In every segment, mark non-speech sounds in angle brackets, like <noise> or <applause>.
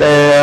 Yeah.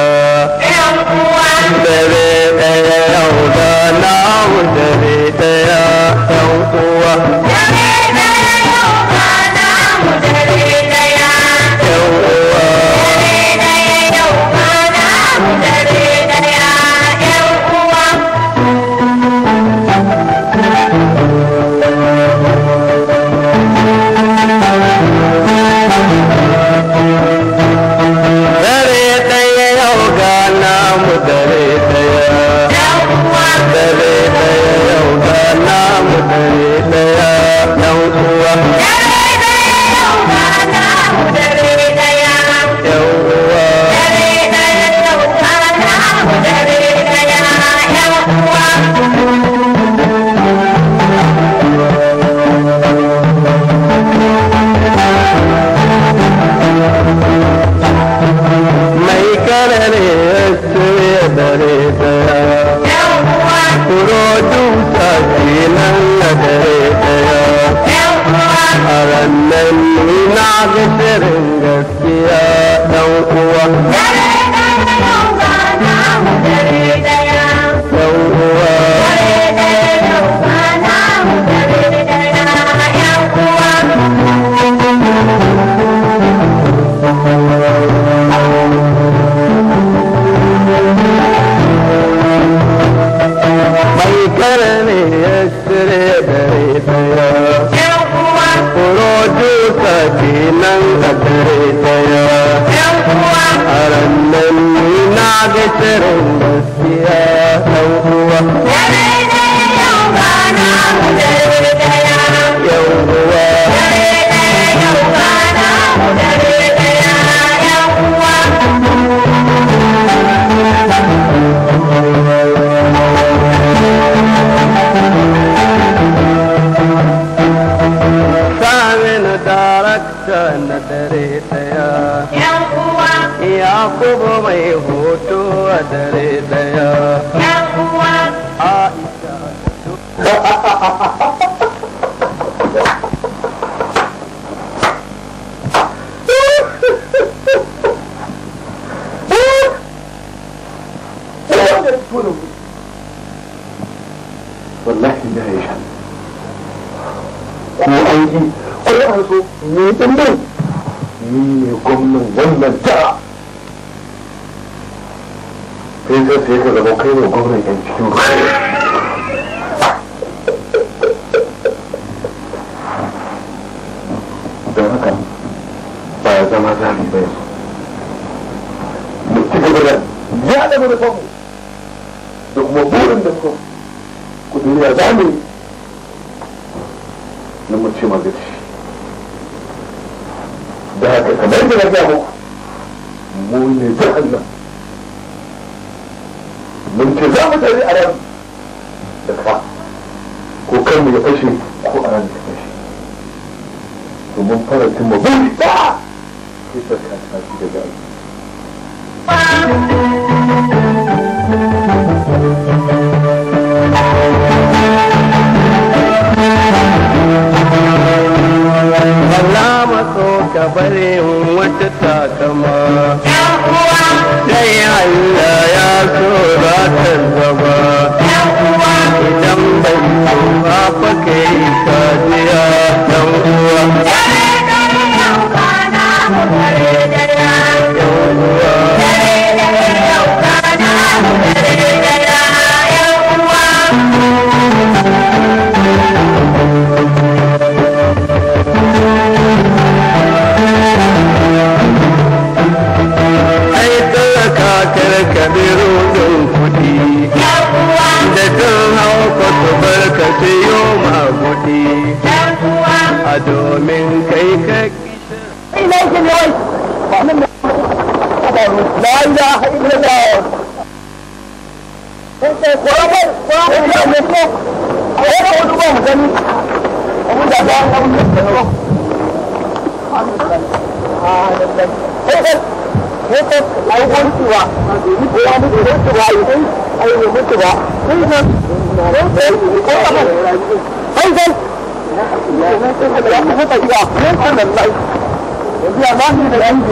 Daya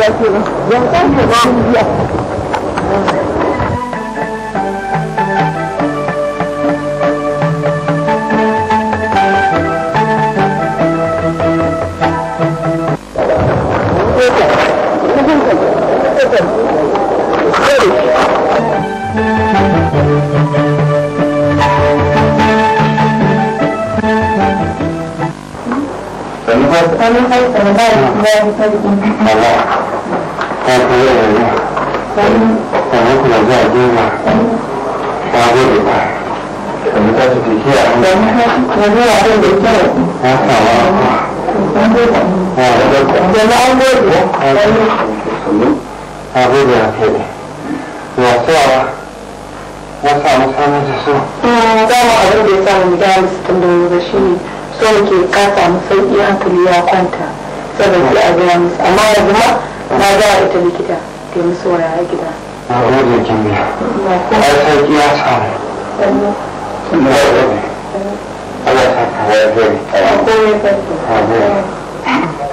gida ke nan. Yankan ne ta fi yi kuma za a duba ba sannan ta su teki a hannu na a da ya ba shi ne ke ya kwanta saboda gaya na gaya ita likita ta yi musu waya a gida na gode jimmy ya sauki ya samu na gode Allah ta kawo ya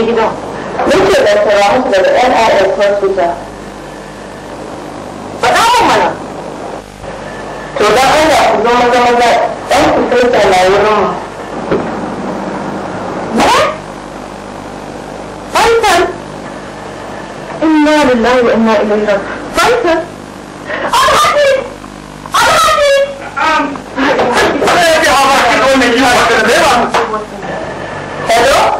je gidan da tara musu daga NIS hospital faɗa mun mana to dan Allah ku zo maza maza ɗan ku sai na wurin mu Faisal inna lillahi wa inna ilaihi raji'un Faisal Hello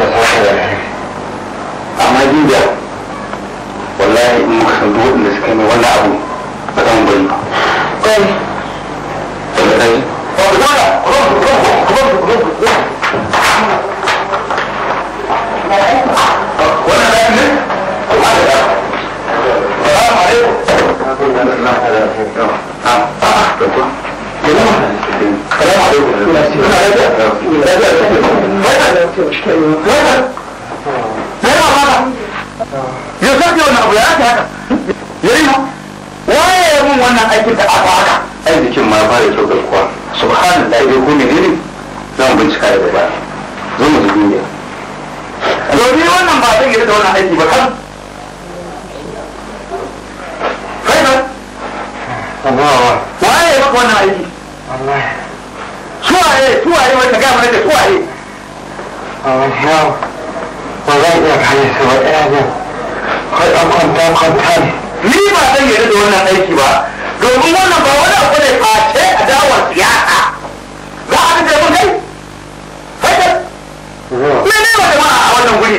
وهكذا يعني amma jin da wallahi in muka san duk waɗanda suka mai wannan abu ba za mu bari ba. Kai. Daga kai. Ba ku zama ku zama ku zama ku zama ku zama ku zama. Wannan lafi ne? Assalamu alaikum. yau zafi wani abu ya haka haka yayi ma waye ya mun wannan aikin da aka haka aikin ma ba ya so garkuwa da ya ko menene zan bincika daga baya zo mu zubi ne domin wannan ba zan yi da wannan aiki ba kan kai ba waye ya maka wannan aiki suwaye suwaye wanda gaya mana da suwaye a oh, wajen ba zan iya kare su ba ɗaya eh, ne kai an kwanta kwanta ne ni ba zan yarda da wannan aiki ba domin wannan ba wani abu ne ba ce a dawon siyasa za a fi kai kai kai ne ba jama'a a wannan guri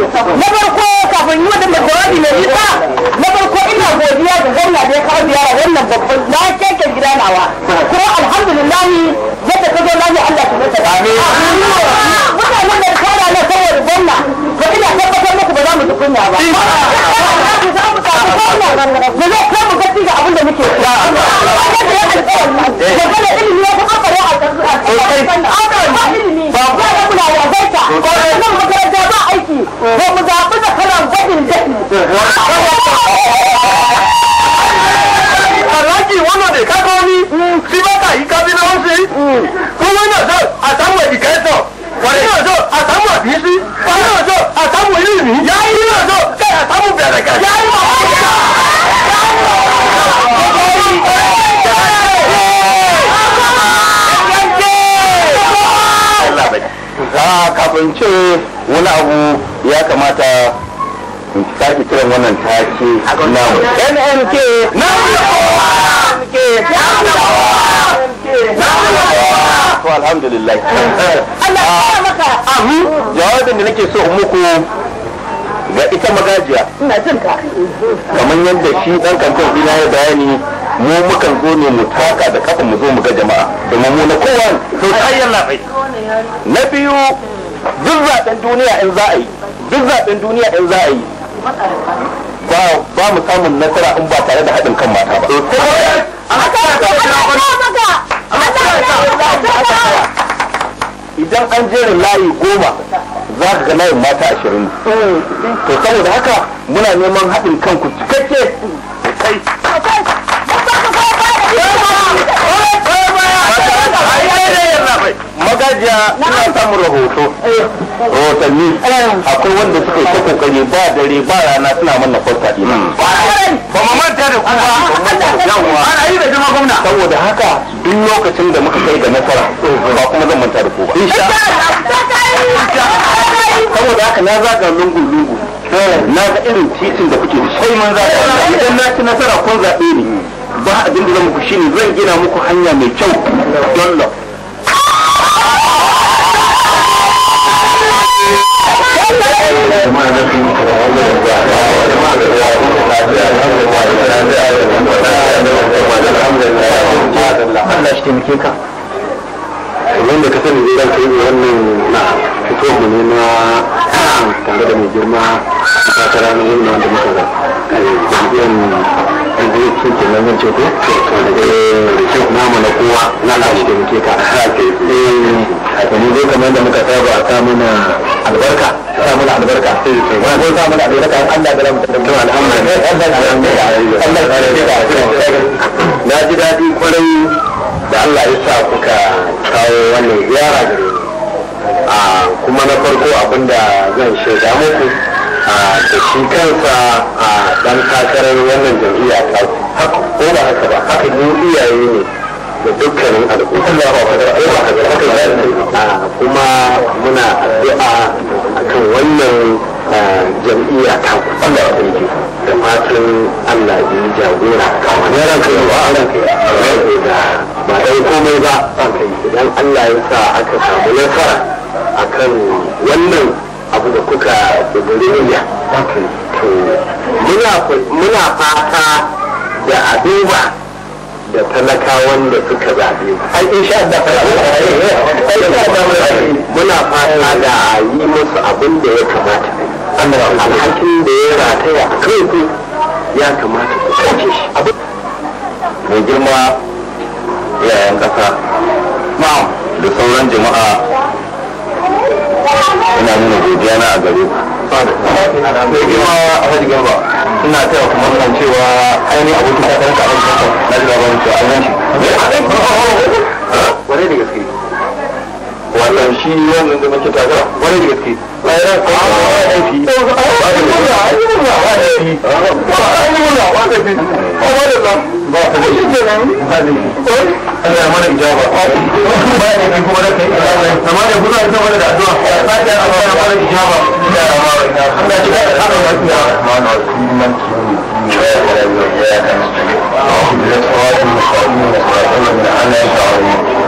na farko kafin yi wadanda jawabi mai nisa na farko ina godiya da gwamna da ya kawo ziyara wannan babban na keke gida nawa kuma alhamdulillah yadda ka zo Allah ta mutu da mutanen da kara na saboda gwamna ba ina tabbatar muku ba za mu ji kunya ba mu zo ko mu gaci ga abin da muke yi da ya alƙawari da eh. gane ilimi ya kuma fara a ƙasar ba ilimi ba ya kula ya zaita nan makaranta ba ba mu zaɓi da kalan gwajin daɗi. Alhaji wannan da ka gani shi ba ka yi kabi na wasu yi. Kuma yana so a samu education. Wani yana so a samu abisi. Wani yana so a samu ilimi. Ya yi yana so kai a samu bẹ̀rẹ̀ kai. Ya yi mawaka. Ya yi mawaka. a kafin ce wani abu ya kamata in sake kiran wannan take na NMK na NMK na NMK to alhamdulillah Allah ya maka ah, hmm? jawabin da nake so muku ga ita magajiya ina jin ka kamar yadda shi dan kantin dina ya bayani mu mukan zo ne mu taka da kafa mu zo mu ga jama'a domin mu na kowa to kayan na biyu duk duniya in za a yi duk duniya in za a yi ba mu samun nasara in ba tare da haɗin kan mata ba eh, idan an jera layi goma za ka ga layin mata ashirin eh. to saboda haka muna neman haɗin kan ku cikakke magajiya suna samun rahoto rahotanni akwai wanda suka yi ta kokari ba dare ba rana suna manna farka ina hmm. ba mu manta da ku ba ana yi da jama'a gwamna saboda haka duk lokacin da muka kai ga nasara ba kuma zan manta da ku ba saboda haka na zaga lungu lungu eh. na ga irin titin da kuke sai mun zaga eh. idan na ci nasara kun zaɓe ni ba abin da zan muku shine zan gina muku hanya mai kyau don lo Allah shi taimake ka wanda ka sani zai yi wannan fito mu ne na tare da mai girma ta ta na yin wanda muka ga biyan an zai nan ko shi eh, kuma na na da muke ka eh, domin zai kamar da muka saba a albarka albarka mana Allah da ji daɗi kwarai da Allah ya sa kuka kawo wannan ziyara gare a kuma na farko abinda zan shaida muku da shi kansa a dan kakarar wannan jam'iyya ta ko ba haka ba haka ne iyaye ne da dukkanin al'umma kuma muna addu'a akan wannan jam'iyya ta ku da aiki da fatan Allah ya jagora kamar yaran kai wa ran kai da ba dai komai ba yi. idan Allah ya sa aka samu nasara akan wannan abu da kuka tsibirin to muna fata da abubuwa da talaka wanda suka zaɓe ai insha Allah muna fata da yi musu abin da ya kamata alhakin da ya rataya a kai ku ya kamata ku kauce shi mai girma yayan kasa da sauran jama'a ina nuna godiya na a gare ku mai girma a hajji gamba ina taya kuma nan cewa ainihin abokin ta ka a wajen na ji labarin cewa an yanci wane da gaske wannan shi wannan da muke a wani gaske bayan ko aiki ba da Thank you.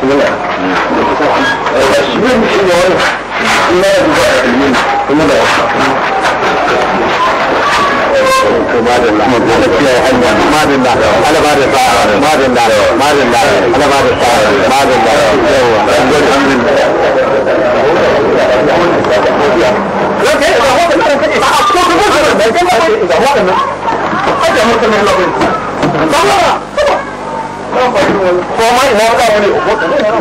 muna Okay, ma ina wata wani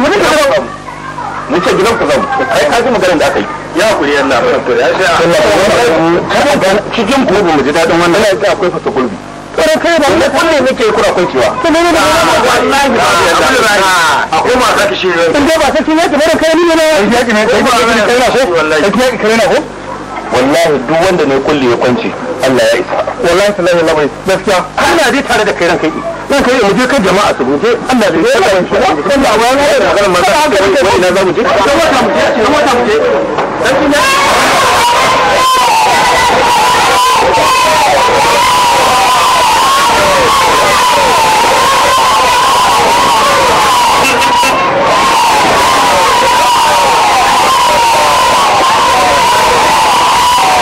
mu ne gidan mu ce gidan ku zan ai ka ji maganar da aka yi ya kuri yan na fara ya sha kada cikin ku mu ji dadin wannan ina ga akwai fata gulbi kare kai da wannan kullum nake kura kwanciwa to ne ne da ah, wallahi a ma za ki shi ba sai kin yaki bare kai ni ne ya ki ne kai na so ki kai na ko wallahi duk wanda ne kulle ya kwance Allah ya isa wallahi sallallahu alaihi wasallam gaskiya har na dai tare da kai ran kai ran kai mu je kan jama'a su je Allah da ya kai shi da wani ne da kana magana garin kai ne za zamu je da wata mu je da wata mu je dan kina Thank you.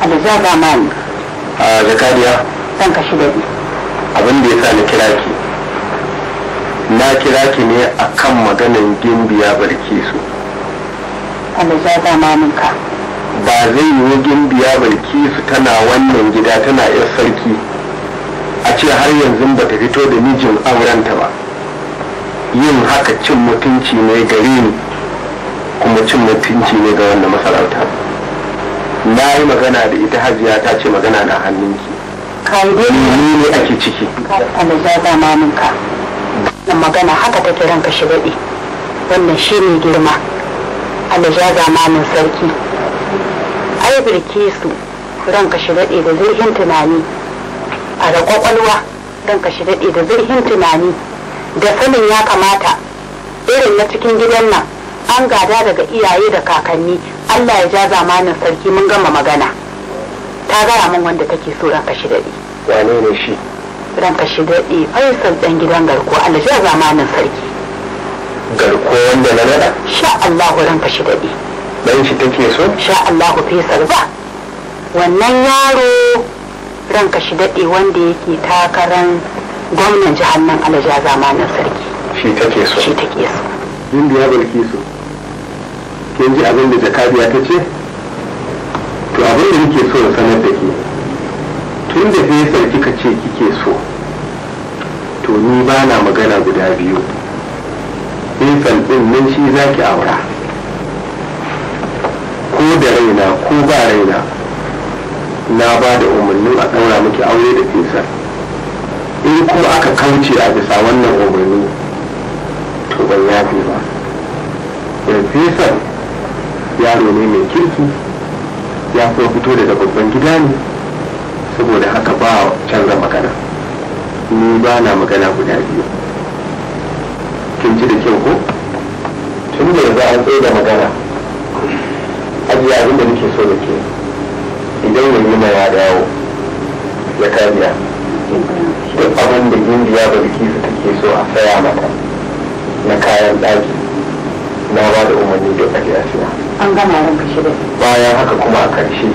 alza ba a zan da abin da ya sa na kira ki na kira ki ne a kan maganan gimbiya barke su alza ba ka ba zai yi gimbiya barke su tana wannan gida tana yar sarki a ce har yanzu ba ta fito da mijin aurenta ba yin haka cin mutunci ne gare ni kuma cin mutunci ne ga wannan masarauta na yi magana da ita hajiya ta ce magana na hannunki ni ne ake ciki alaza ma minka wannan magana haka ta ranka shi daɗe wannan shi ne girma alaza ma min sarki ai birke su ran shi daɗe da zirhin tunani a da kwakwalwa ran shi daɗe da zirhin tunani da sanin ya kamata irin na cikin gidan nan an gada daga iyaye da kakanni Allah ya ja zamanin sarki mun gama magana ta gaya min wanda take so ranka shi daɗi wane ne shi ranka shi daɗi faisal ɗan gidan garko Allah ja zamanin sarki garko wanda na nada sha Allah ranka shi daɗi dan shi take so sha Allah faisal ba wannan yaro ranka shi daɗe wanda yake takaran gwamnan jihar nan ja zamanin sarki shi take so shi take so din biya so. kin ji abin da jakadiya ta ce to abin da nake so sanar da ke tun da fesar kika ce kike so to ni ba na magana guda biyu in ɗin nan shi za ki aura ko da raina ko ba raina na ba da umarnin a ɗaura miki aure da fesa in ko aka kauce a bisa wannan umarni to ban yafi ba da fesar yaro ne mai kirki ya kuma fito daga babban gida ne saboda haka ba canza magana ni ba na magana guda biyu kin ji da kyau ko tun da yanzu an tsaye da magana ajiye abin da nake so da ke idan yanzu ya dawo ya kariya duk abin da indiya ba ta take so a saya mata na kayan ɗaki na ba da umarni da a siya an gama ranka shida bayan haka kuma a ƙarshe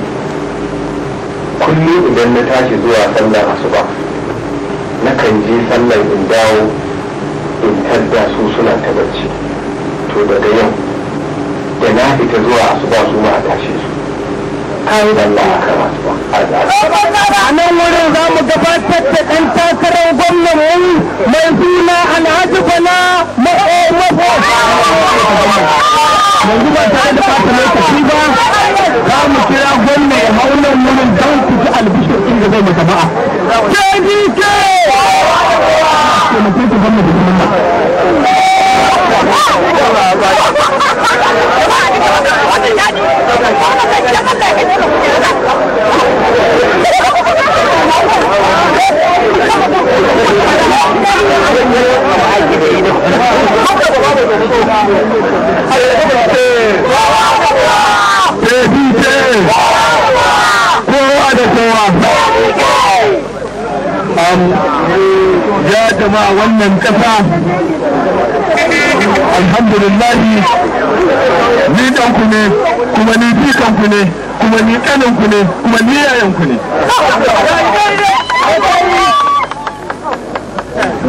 kullum idan na tashi zuwa sallar asuba na kan je sallar in dawo in tadda su suna ta bacci to daga yau da na fita zuwa asuba su ma a tashe su kayi da Allah a kan a nan wurin za mu gabatar da ɗan takarar gwamnan mai suna alhaji bala mako yanzu ba tare da fata lokaci ba za mu kira gwamnan ya hau nan wurin don ku ji albishir ɗin da zai mu jama'a. KDK! Ke mutum ya jama'a wannan kasa Alhamdulillahi. ni danku ne kuma ni bikanku ne kuma ni ɗaninku ne kuma ni yayanku ne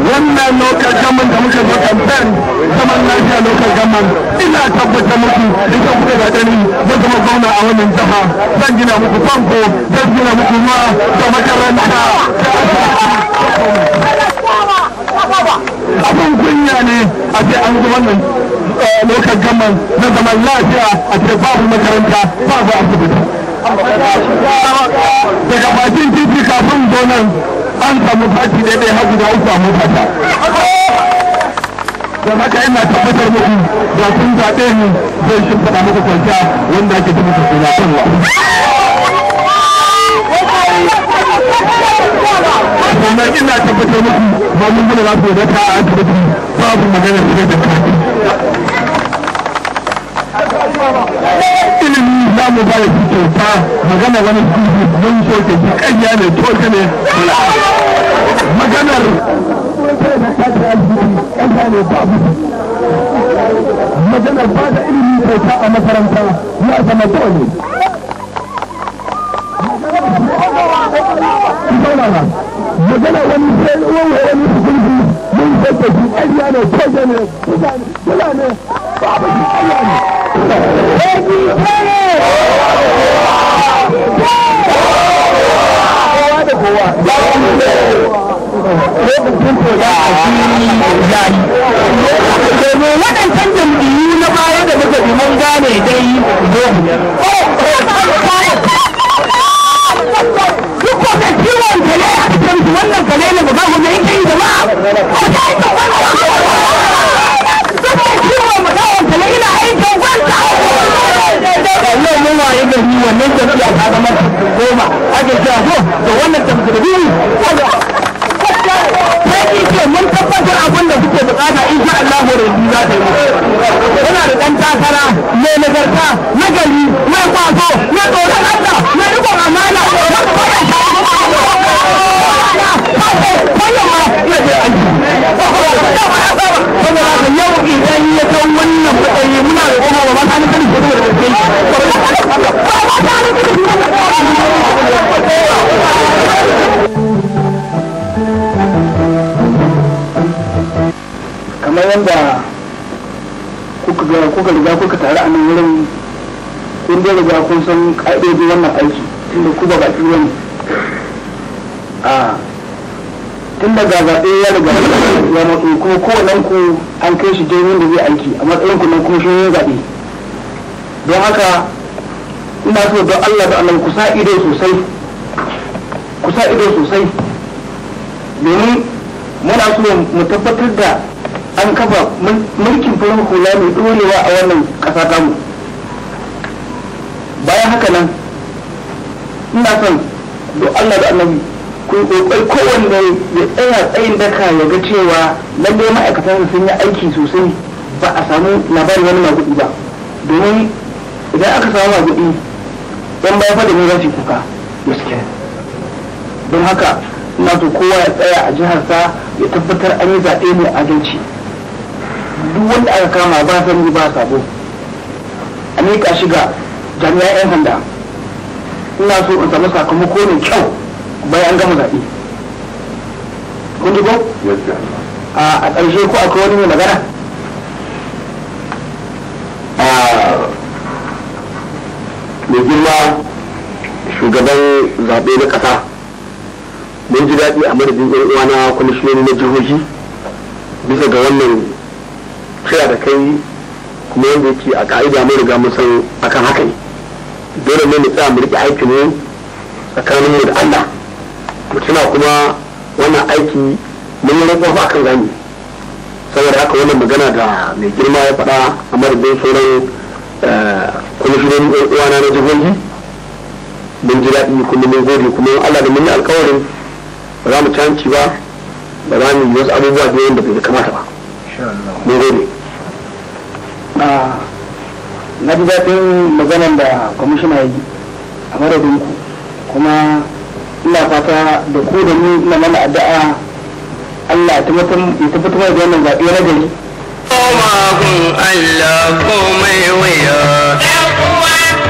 wannan local government da muka zo campaign zaman lafiya local government ina tabbata muku idan kuka ga dani zan zama gwamna a wannan jiha zan gina muku famfo zan gina muku ruwa da makaranta abin kunya ne a ce an zo wannan eh, local government na zaman lafiya a ce babu makaranta babu asibiti daga bakin titi kafin zonan an samu fati daidai hagu da uku a motata don haka ina tabbatar muku da kun zaɓe ni zai shimfiɗa muku kwanta wanda ake ta suna kanwa. sannan ina tabbatar muku ba mun gina lafiya da ta asibiti babu magana da da kati. mu ba da kyauta magana wani kudu don soke shi ƙarya ne toke ne maganar maganar ba da ilimi kyauta a makaranta ya zama dole magana wani sai wani wani kudu don soke shi ƙarya ne toke ne kula ne ba abin ƙarya ne kowa da kowa za a na baya da muka bi gane dai ciwon kale wannan kale ne ba za mu ne yake waye gari wannan tafiya ta zama goma ake cewa ko da wannan tafiya da sai ce mun tabbatar abin da kuke bukata in sha Allah horon za ta yi da dan takara mai nagarta na gari mai kwazo na tsoron Allah na rikon amana na kwazo yau idan ya san wannan matsayi muna da kuma kamar yadda kuka riga kuka taru a nan wurin kun riga kun san ƙa'idodi wannan aiki ku ba baki wani a tun da ga zaɓe ya riga ya matsu kuma kowannen ku an kai shi jirgin da zai aiki a matsayin ku nan kuma shi zaɓe don haka ina so don Allah da Allah kusa ido sosai kusa ido sosai domin muna so mu tabbatar da an kafa mulkin farin kula mai dorewa a wannan ƙasa tamu bayan haka nan ina son don Allah da Allah ku kokai kowanne ya tsaya tsayin daka ya ga cewa lalle ma'aikatan sun yi aiki sosai ba a samu labarin wani magudu ba domin aka samu a don ba fada ne za su kuka miskin don haka ina so kowa ya tsaya a jiharsa ya tabbatar an yi zaɓe mai adalci duk wanda aka kama ba sani ba sabo a miƙa shiga jami'an 'yan sanda ina so in samu sakamako mai kyau bayan an gama zaɓe kun ji ko a ƙarshe ko akwai wani mai magana zaɓe na ƙasa mun ji daɗi a madadin yan uwa na kwamishinoni na jihohi bisa ga wannan kira da kai kuma wanda yake a ka'ida mun riga mun san akan haka ne dole ne mu tsaya mu riƙe aikin mu tsakanin mu da Allah mu tuna kuma wannan aiki mun yi rantsuwa akan gani saboda haka wannan magana da mai girma ya faɗa a madadin sauran eh, kwamishinan yan uwana na jihohi mun ji daɗi kuma mun gode kuma Allah da mun yi alƙawarin ba za mu canci ba ba za mu yi wasu abubuwa da da bai kamata ba mun gode ah, na ji daɗin maganar da kwamishina ya yi a madadin ku kuma ina fata da ku da ni ina mana addu'a Allah ya tabbatar da wannan zaɓe na gari. Koma kun Allah komai waya.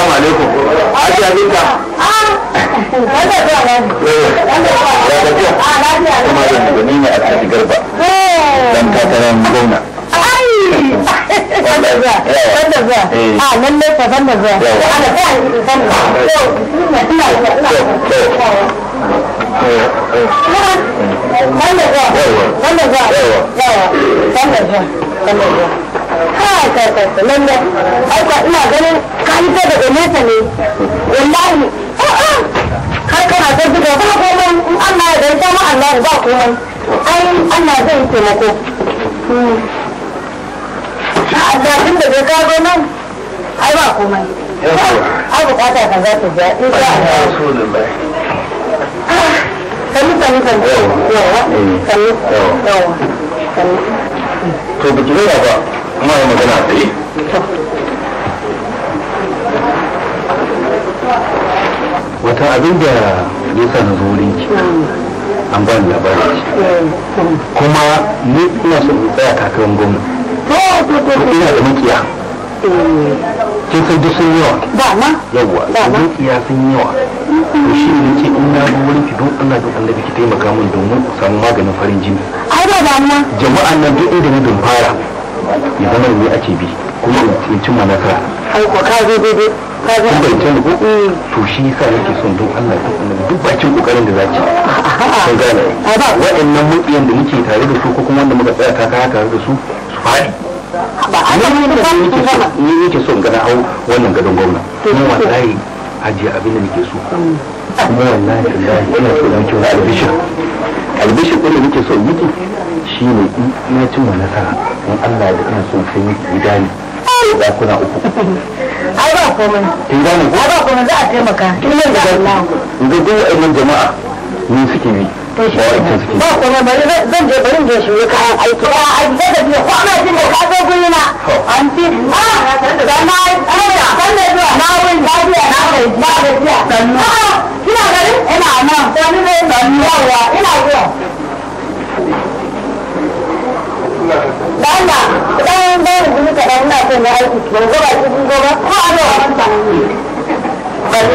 Assalamu alaikum. da a cikin garba. Dan takarar gwamna. kai kai kai kai lalle ai ka ina ganin ka hito daga nesa ne wallahi a'a kana ta buga ba komai in Allah ya danta ma Allah ba komai ai Allah zai taimako hmm. Allah tun da ka zo nan ai ba komai ai bukata kan za ta biya in za a sannu sannu sannu yawa eh. sannu yawa sannu to biki ba kuma ya magana a yi wata abin da nisa na zurin ki an ba ni labari kuma ni ina so in tsaya kakarin gwamna ina da mukiya kin san duk sun yawa ba ma yawa makiya sun yawa to shi ne ce in na zo wurin ki don Allah don Allah ki taimaka min domin samu maganin farin jini ai ba ba ma jama'an nan duk inda na fara ya zama ne a bi kuma in cimma nasara ai ko ka zo daidai ka zo daidai can ko mm. to shi yasa yake son don Allah ya tsaka duk bakin kokarin da zaki kun gane waɗannan mutiyan da muke tare da su ko kuma wanda muka tsaya kaka tare da su su fadi ni yake son gana hau wannan gadon gwamna kuma wallahi hajiya abin da nake so mm. kuma wallahi ina so da kyau na albishir albishi ko da muke so miki shi ne in na cin wa nasara in Allah da ina son sai yi gani da kuna uku ai ba komai kin gane ba komai za a taimaka kin da Allah ga duk jama'a mun suke bi ba kuma bari zan je bari je shi kayan aiki a aiki da biyu ko ana jin da ka zo guri na an ti ma ah, da na aida san da zuwa na wurin lafiya na kai ba da jiya sannu ah, kina gari ina nan wani ne sannu yawa ina zuwa Dalla, dan dan gudu ka dan na so na aiki ban ga baki kun go ba ko a zo a san ne. Bari.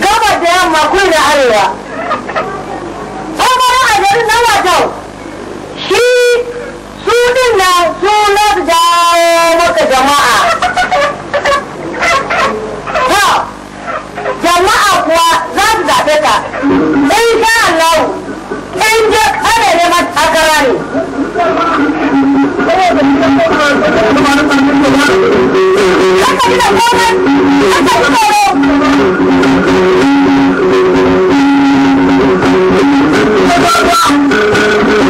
gabar da yamma kun da arewa tsohon a garin na wajen shi su din na su na jawo maka jama'a to jama'a kuwa za su zaɓe ka in sha Allah in je kare ne matakara ne Thank you.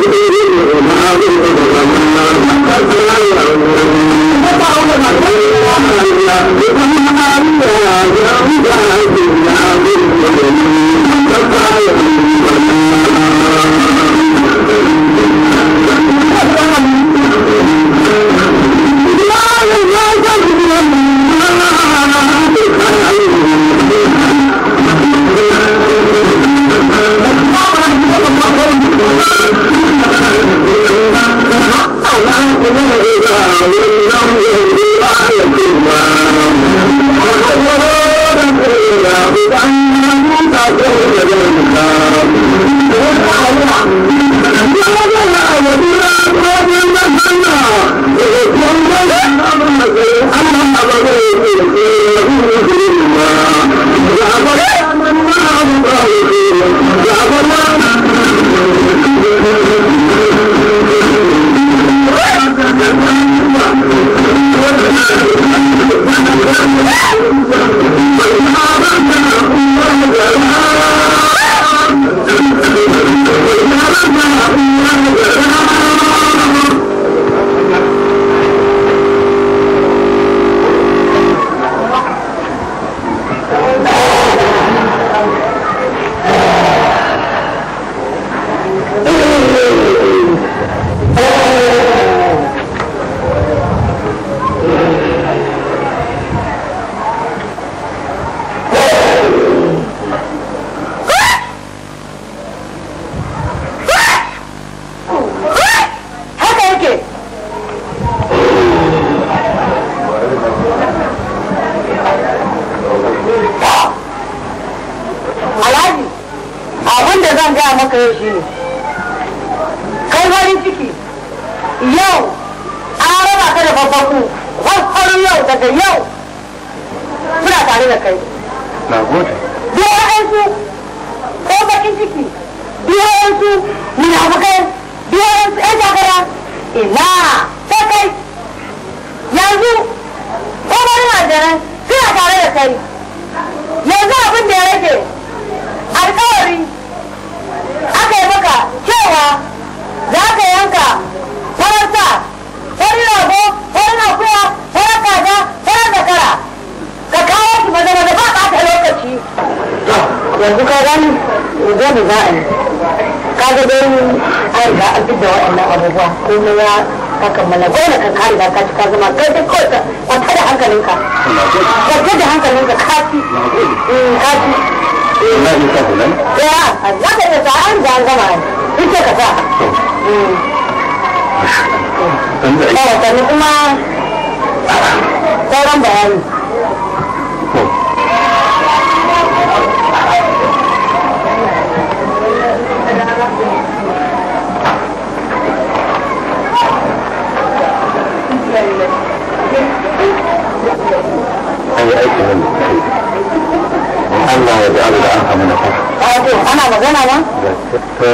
Thank you.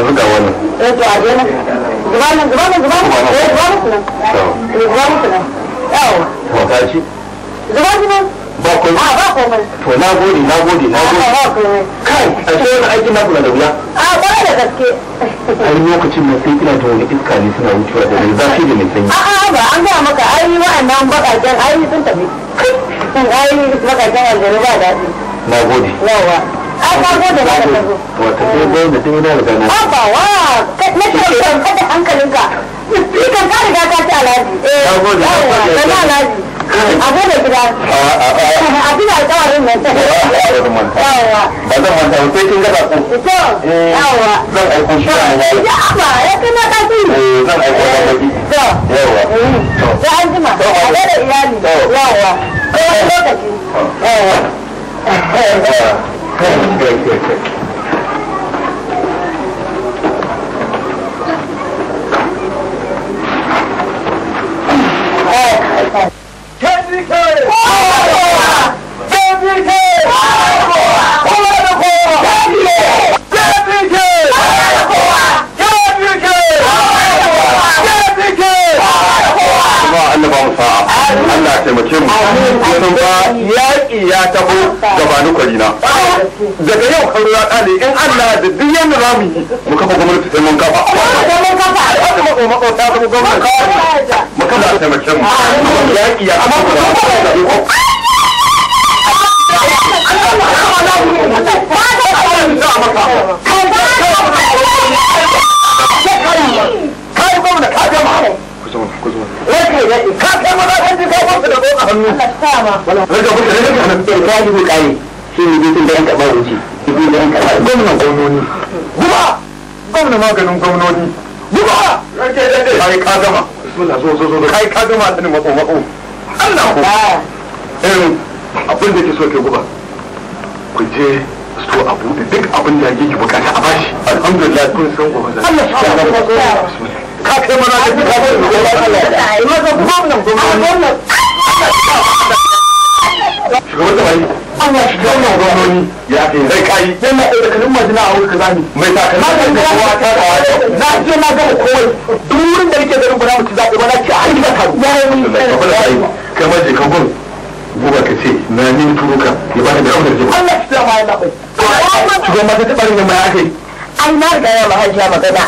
yanzu ga wani eh to a gani zubanin zubanin zubanin eh zubanin sunan to zubanin sunan yawa to ci zubanin nan ba komai ba komai to na gode na gode na gode ba komai kai a ce wani aiki na kula da wuya a kwarai da gaske ai lokacin da sai kina da wani iska ne suna wucewa da mai zafi da mai sanyi a'a ba an ga maka ai wa'annan bakaken ai sun tafi ai bakaken aljanu ba daɗi na gode yawa ai ka gode ba da da a da ta zan manta sai kin ga ku eh, zan aiko shi ne ya ya kana ka ci eh zan aiko da baki yawa eh, to ya eh, jima a da iyali yawa ko lokaci yawa হ্যাঁ great, great, great. Kendrick Harris! Allah ba mu sa'a Allah ya taimake mu kusan ba yaƙi ya taho gabanin kwarina daga yau kan ruwa ƙale in Allah da duk yadda za mu yi mu kafa gwamnati sai mun kafa mu kafa taimake mu yaƙi ya amma Kai gwamna ka gama zaman ku zaman wai ka maganin gwamnoni guba rage dade kai ka gama zo zo zo kai ka gama tani mako mako Allah ku irin eh, abin da ke so ke guba ku je so a bude duk abin da yake bukata a bashi alhamdulillah kun san gobe Allah ya ka kai mana da ka kai mana da da a wurin kaza ne da gama komai duk da nake da rubuta mu ci zabe ba na ci a ya ya ba da kamar da Allah shi da ma ya labai shugaban da ai na riga ya magana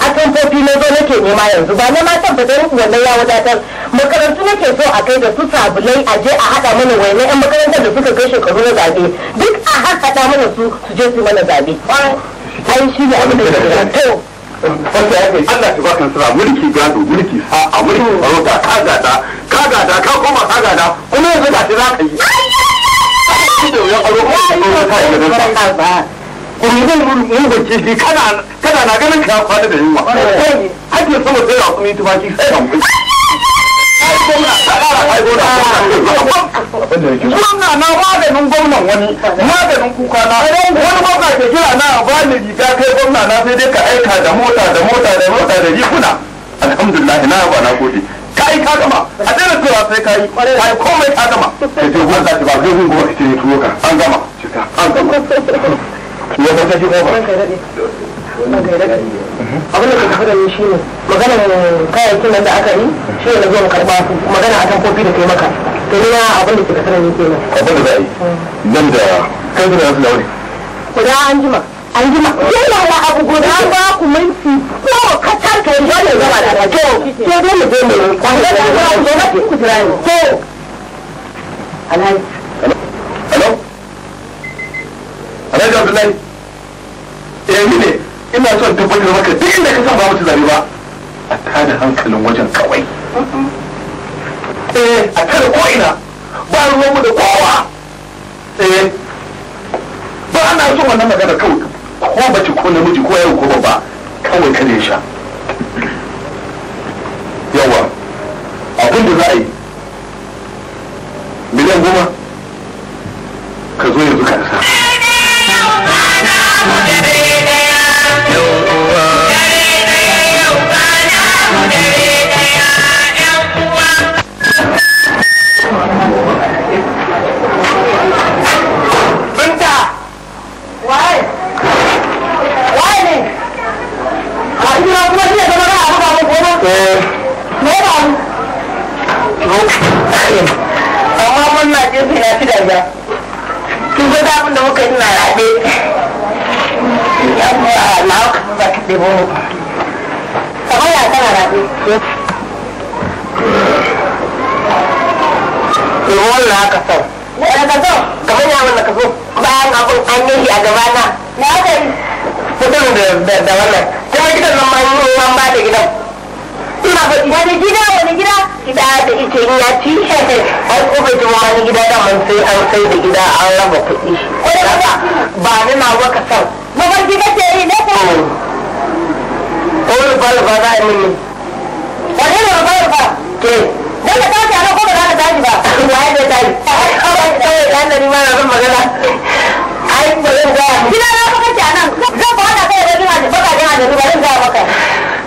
a kan fofi na zo nake nema yanzu ba na matan ba zai muku wannan ya wadatar makarantu nake so a kai da su sabulai a je a haɗa mana wani yan makarantar da suka kai shekaru na zabe duk a haɗa mana su su je su mana zabe ai shi ne abin da ya to wanda ya kai Allah ta sura mulki gado mulki a mulki farauta ka gada ka gada ka koma ka gada kuma yanzu ba ta za ka yi. Ai, mugun kifi kana na ganin ka kwana da yunwa hajji sama sai a kuma tufaki sai da mutum gwamna na maganin gwamnan wani maganin kuka na wani gwamna ke kira na bani ni riga kai gwamna na sai dai ka aika da mota da mota da mota da riguna alhamdulillah na ba na gode kai ka gama a dare tura sai kai kai komai ka gama sai dai gwamna ba zai gungo ita ne tuwo ka an gama an gama ya farka shi ko ba abin da ka tafi da ni shi ne maganar kayayyakin nan da aka yi shi ne na zo karɓa magana akan kofi da kai maka to ni na abin da ke tafi da ni kenan abin da za a yi hmm. nan da kai da wasu lauri guda an jima an jima yana da abu guda ba ku minti ko ka tarka yi dole zama da to ke dole dole ku jira ni to alhaji alhaji abdullahi yanzu eh, ne ina son tabbatar maka duk inda ka san babu tunani ba a tada hankalin wajen kawai eh a kada ina ba ruwanmu da kowa eh ba ana son wannan magana kawai ko bace ko namiji ko yau ko ba kawai kada ya sha yawa abin da za a yi miliyan goma ka zo yanzu ka sa amma mun na jefi na shi da kin ga abin da muka yi na rabe na haka za ki ɗebo mu kamar ya tana rabe ɗebo wannan haka sau da aka zo kamar ya wannan ka zo bayan abin an yi a gabana na haka yi mutum da wannan kuma gidan nan ma yi ba da gidan ina ba wani gida wani gida gida da in ya ci ai ko bai ji wani gida da man sai an sai da gida an raba kuɗi ko ba ba ni na waka san babar gida ce yi ne ko oh. ko ba ba za a yi wani ne ba ba ke dan ka tashi ana ko ba za ka tashi ba <laughs> waye da tashi yi <laughs> dan da ni ma na zan magana ai ba zan ga gida na ka kace anan zan ba da kai da baka ga da ba zan ga maka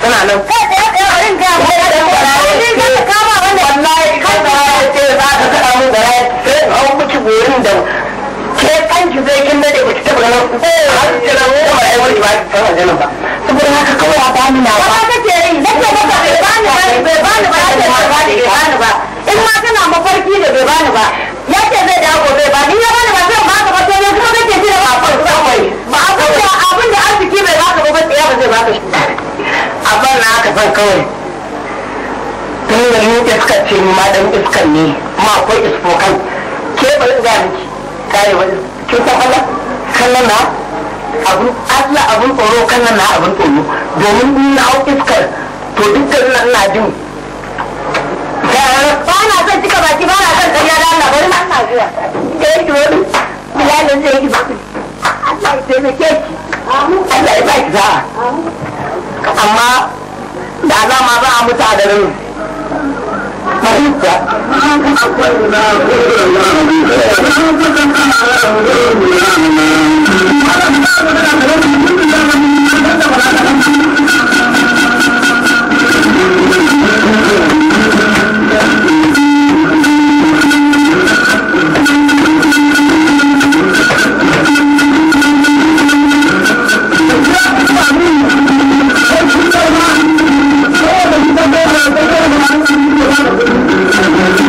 tana nan kai tsaye tsaye a rinka ko da kwaraye ne ka kama wanda wallahi kai da ya ce za ka kada mu da rai sai a wuce gurin da ke kanki zai kin da ni ma dan iskan ne ma akwai isfokan ke ba in gaya miki kare wani kin san kallon na abun Allah abun tsoro kallon na abun tsoro domin in na hau iskar to dukkan nan na jin ba na son cika baki ba na son ƙarya da Allah bari ma ina zuwa ke ki wani bilalin zai yi baki Allah ya taimake ki Allah ya baki za amma da ma za a a garin. Marisa. Thank you. Thank you.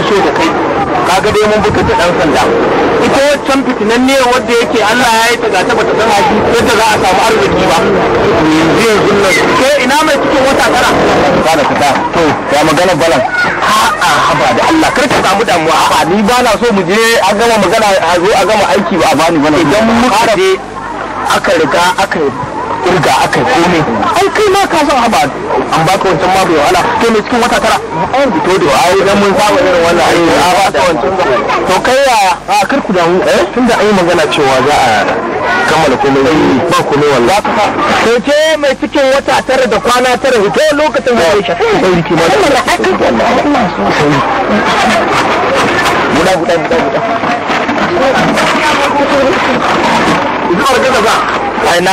kake so da kai kaga dai mun bukata dan sanda ita wancan fitinan ne wanda yake Allah ya yi ta gata bata san haji yadda za a samu arziki ba yanzu yanzu nan ke ina mai cikin wata tara da ta to ya magana balan ha a ba da Allah kar ka samu damuwa a ni ba na so mu je a gama magana a zo a gama aiki ba a bani bana idan muka je aka riga aka kirga aka kome ai kai ma ka san haba an baka wancan ma bai wahala to ne cikin wata tara an fito da ai dan mun saba irin wannan ai a ba ta wancan ba to kai ya a karku da mu eh tunda ai magana cewa za a kammala komai eh, ba komai wallahi to ce mai cikin wata tara da kwana tara to lokacin da ya shafi eh, sai riki ma guda guda guda guda Ina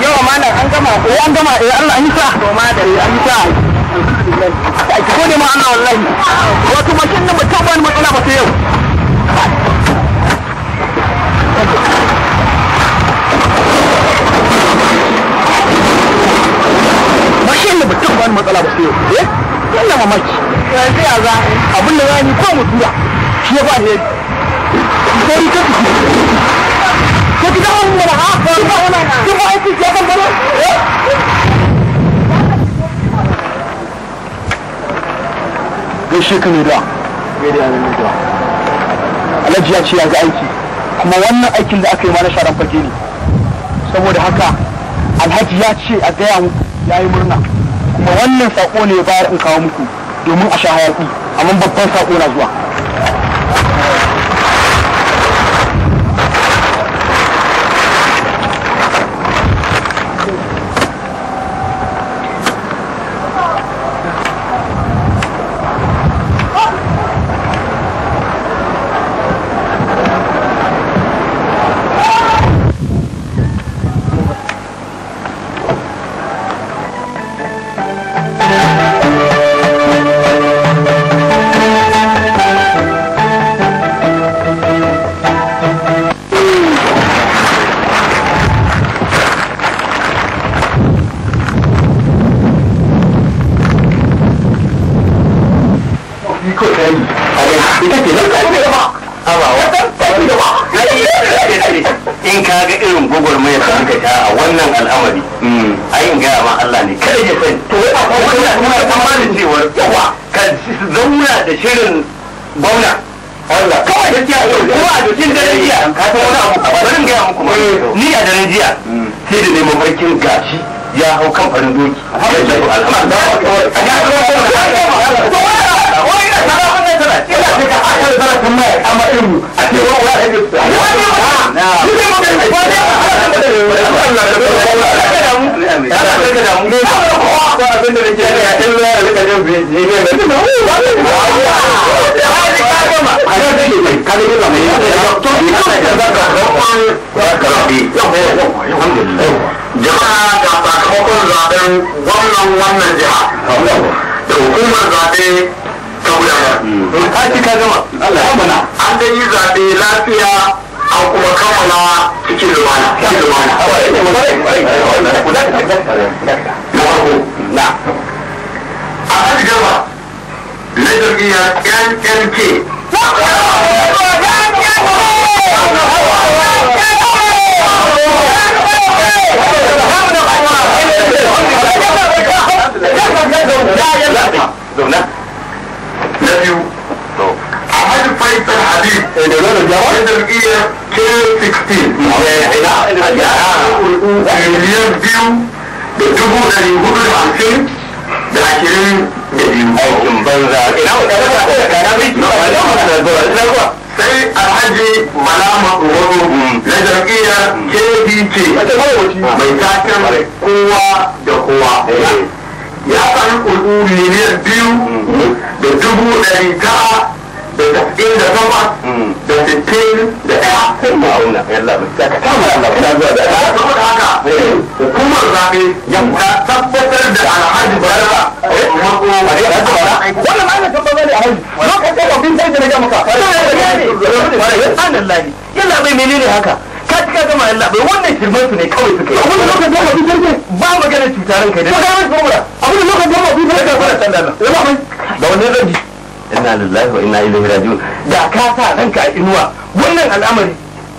yawa mana an gama eh an gama eh Allah an sa to ma da an sa a ki gode ma Allah wallahi wato makin nan mutum ba ni matsala ba sai yau mashin da mutum ba ni matsala ba sai yau eh wannan mamaki eh, sai a za abin da za ni ko mutuwa shi ya ba ni sai ka ko ya ka ne da alhaji ya ce ya ga aiki kuma wannan aikin da aka yi mana sharan fage ne saboda haka alhaji ya ce a gaya muku ya yi murna kuma wannan sako ne bayar in kawo muku domin a sha hayaki amma babban sako na zuwa zaben gwamnan wannan jiha da hukumar zaɓe ta gudanar. ka gama. Allah ya An da yi zaɓe lafiya an kuma kammala cikin lumana. Cikin lumana. Na Na. na zauna na biyu أحد فايت الحديث الجمعية K16 aikin banza ina wata wata ko da kana bi na ba na na ba sai alhaji malama uwaro na jam'iyyar kdk mai taken kowa da kowa ya sami kudu miliyan biyu da dubu ɗari tara da tasirin da takwas da sittin da ɗaya. auna. ma'auna, yalla mai saka kama da haka, eh. hukumar zaɓe ya tabbatar da alhaji barba. Eh? Wannan ma'ana tabbatar da alhaji. Lokacin da bin sai da maka. Sai ya ga ne. ya mai ne haka? ka ji ka gama Allah bai wannan shirman su ne kawai suka yi abin da lokacin da ba su jirge ba magana cuta ranka dai magana su mura abin da lokacin da ba su jirge ba da sanda nan wala da wannan rabi inna lillahi wa inna ilaihi raji'un da ka sa ranka a inuwa wannan al'amari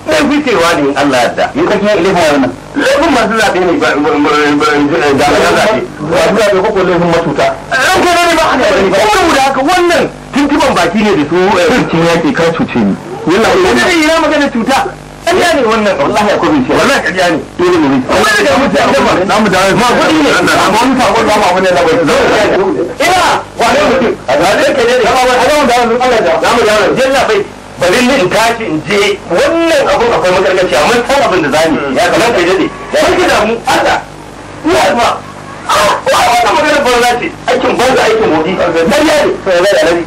sai ficewa ne Allah ya da yin kake ilaihi wa wannan laifin masu zaɓe ne ba da na zaɓe ba zaɓe ko laifin matuta ranka ne ba haka ba ko da haka wannan tuntuban baki ne da su cikin yaki kan cuce ni yana ina magana cuta ƙarya wannan wallahi wallahi dole na mu dawo ma kuɗi ne amma wani ma wani ina mutum a ne ne wani dawo Allah dawo dawo bai bari ni in tashi in je wannan abun akwai makarkaciya mun san abin da zamu ya kamar dade sai ki damu Allah ina ma ah! wannan magana ce aikin banza aikin modi ƙarya sai ya zai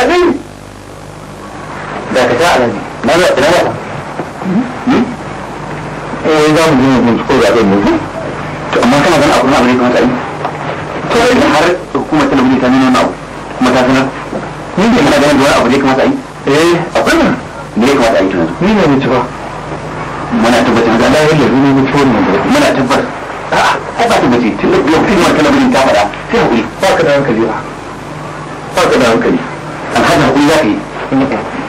Amin. da ka sha alaji na da ina da hmm? eh za mu yi mun ko da ga mu to amma kana ganin abu na abin kamar sai to idan har hukumar ta nuna ta nuna na kuma ta sanar ni ne kana ganin da abu ne kamar sai eh nan ne ne a yi tunanin. ni ne ne ci ba muna tabbatar da Allah ya yi ne ne ciwon mun muna tabbatar a'a ai ba tabbaci bace tun da hukumar ta nuna ta fada sai hakuri ba ka da hankali ba ba ka da hankali alhaji hakuri za ka yi eh, eh.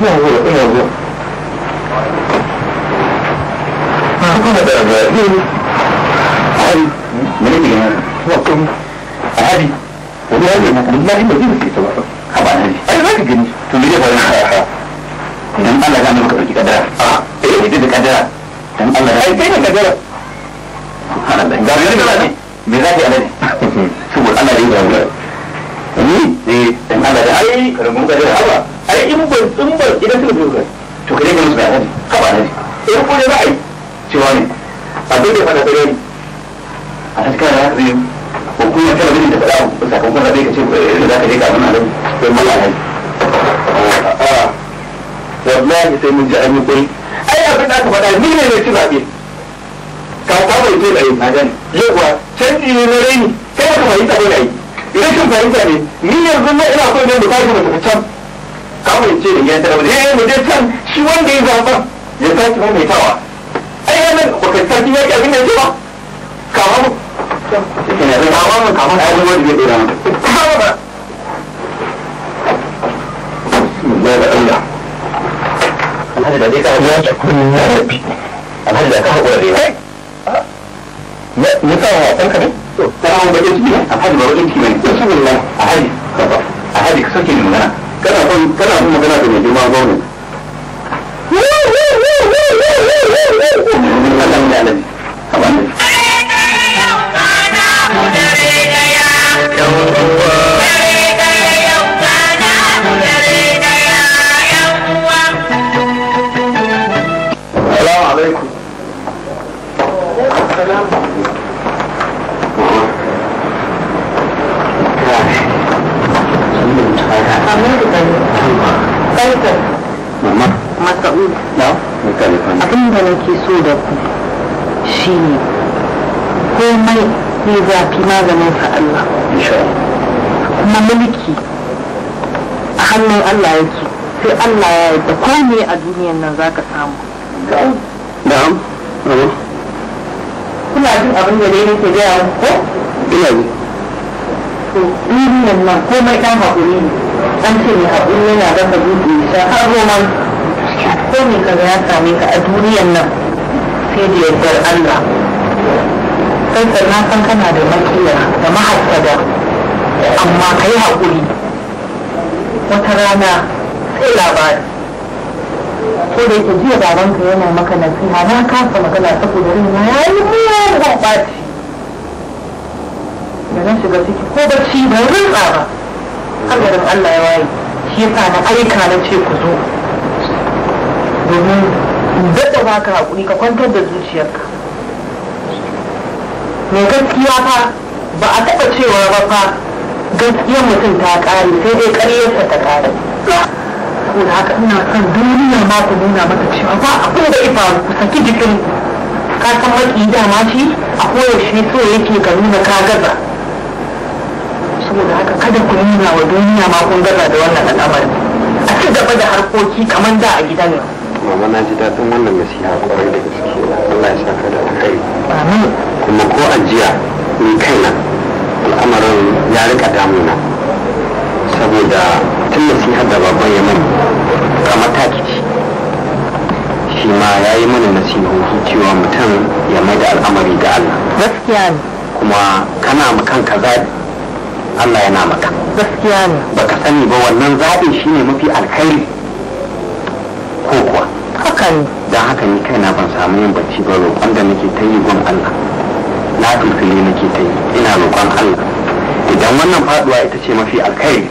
ina zuwa ina zuwa a kuma da zaɓi hari mene ne yana zuwa kan a hari wani hari na wallahi ba zai rike ta ba a ba hari ai za ka gani to me zai faru dan Allah ya maka ɗauki kadara a eh da kadara dan Allah ya ne kadara subhanallah ga ne kadara ne me za ka yi Allah ya yi da wuri Allah ya ai karamin ai in ban in ban idan suka biyo kai to ka dinga musu bayanan ka ba nan in ko ne ra'ayi cewa ne abin da fada gare a ta kana haka zai ko kuma kana gani da fada ba sakamakon da ka ce eh, da zaka je ka nuna da kai mala hai wallahi sai mun ji an yi kuri ai abin da aka faɗa ni ne ne ci zaɓe ka ka bai ce bai na gani yawa canji ne na raini kai ba ka fahimta ba ne idan kin fahimta ne ni yanzu na ina so ne da ka kawai ce da gidan eh, mu je can shi wanda ya zaɓa ya mai tawa ai nan baka sarki ya ƙarfi ya ba kama mu kama mu kama mu ayyuka wanda zai mu da Allah da dai ka da kullum ya rabi alhaji da ka da ya kawo wasan ka ne to ta hawa bakin ciki ne alhaji ba bakin ciki ne to saboda A alhaji ka sauke ni magana kana son magana da mai girma gwamnati abin da nake so da ku shi ne komai mai zafi maganin sa Allah kuma mulki a hannun Allah yake sai Allah ya yarda komai a duniyan nan za ka samu na'am kuna jin abin da ne ke gaya ko ina ji to duniyan nan komai dan haƙuri ne an ce mai haƙuri yana dafa dutse sha har roman ko me kaga ya same ka a duniyan nan sai da yardar Allah sai na san kana da makiya da mahassada amma ka yi haƙuri wata rana sai labari ko da yake jiya babanka yana maka nasiha na kasa magana saboda raina ya yi mugun ɓaci da shiga ciki ko bacci da rinsa ba haka Allah ya waye shi yasa na aika na ce ku zo domin daɗa ba ka haƙuri ka kwantar da zuciyarka mai gaskiya fa ba a taɓa cewa ba fa gaskiyar mutum ta ƙare sai dai ƙaryarsa ta ƙare saboda haka ina son duniya ma ku nuna mata cewa ba abin da ifa ku saki jikin ka san maki dama shi a koyaushe so yake ga nuna ka gaza saboda haka kada ku nuna wa duniya ma kun gaza da wannan al'amari a ci gaba da harkoki kamar da a gidan nan mama na ji daɗin wannan nasiha kwarai da gaske Allah ya saka da alkhairi kuma ko ajiya ni kaina al'amarin ya rika damuna saboda tun nasihar da baban ya mani ga mataki shi ma ya yi mana nasihohi cewa mutum ya mai da al'amari ga Allah gaskiya ne kuma kana makan ka zaɓi Allah yana maka gaskiya ne baka sani ba wannan zaɓin shine mafi alkhairi ko kuwa haka ne don haka ni kaina ban samu yin bacci ba roƙon da nake ta yi gun Allah na tulfili nake ta yi ina roƙon Allah idan wannan faduwa ita ce mafi alkhairi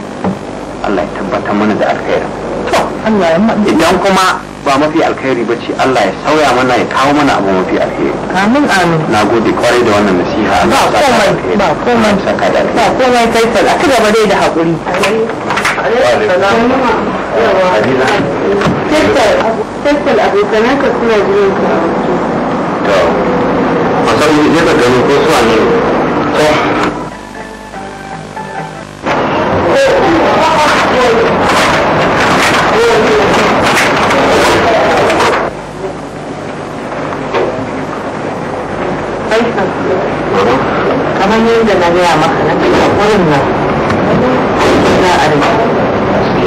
Allah ya tabbatar mana da alkhairi to Allah ya idan kuma ba mafi alkhairi ba ce Allah ya sauya mana ya kawo mana abu mafi alkhairi amin amin na gode kwarai da wannan nasiha ba komai ba komai saka da ba komai kai sai ka gaba dai da hakuri alaikum salam tattal abokananka suna jiran a kamar yadda na gaya maka na cikin wurin nan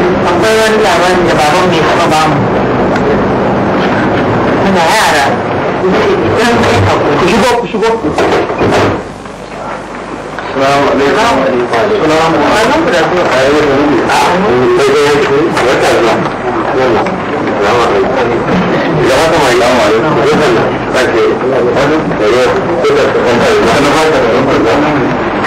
akwai wani labarin da baban mai ba mu muna yara ku shigo ku shigo Assalamu alaikum. da ya da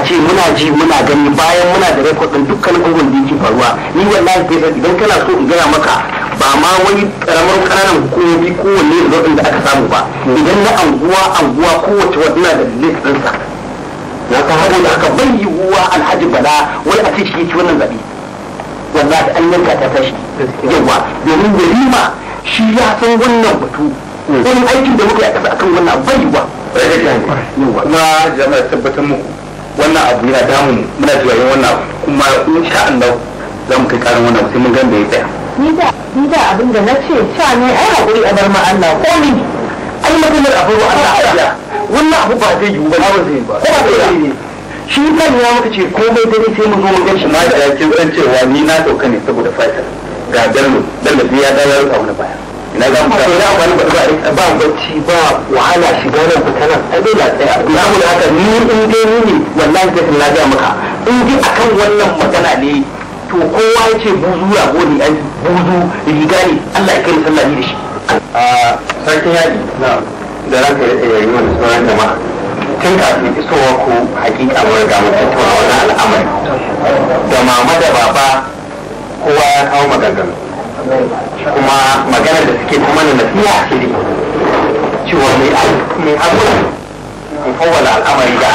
a ce muna ji muna gani bayan muna da rekod din dukkan abubuwan da yake faruwa ni wallahi sai idan kana so in gaya maka ba ma wani karamar kananan hukumomi kowanne da da aka samu ba idan na anguwa anguwa kowace na da list ɗinsa na ka haɗu da haka bai yiwuwa alhaji bala wai a cikin shi yake wannan zaɓe wallahi an yanka ta tashi yawa domin yarima shi ya san wannan batu wani aikin da muka yi a ƙasa akan wannan bai yiwuwa na jama'a tabbatar muku wannan abu yana damun muna tunanin wannan abu kuma in sha Allah za mu kai karin wannan sai mun gan da ya tsaya ni da ni da abin da nace sha ne ai hakuri a bar Allah ko ni ai maganar abu ba Allah ya wannan abu ba zai yiwu ba ba zai ba ko ba zai yi shi kan ya muka ce komai dare sai mu zo mu gan shi ma da ya ce cewa ni na dauka ne saboda fatar ga dallo dallo ya dawo ya rufa wani baya na ga ba ba bacci ba wahala shiga nan fita nan ai dole tsaya na mu haka ni in dai ni ne wallahi zai na ga maka in dai akan wannan magana ne to kowa ya ce buzu ya goni an buzu riga ne Allah ya kai sallah ni da shi a sarkin yaji da ranka ya tsaye yi wani sauran jama'a tun kafin isowa ku hakika mun riga mun tattauna wani al'amari da mama da baba kowa ya kawo maganganu kuma maganar da suke kuma mana nasiha ce cewa mai abu kowane al'amari da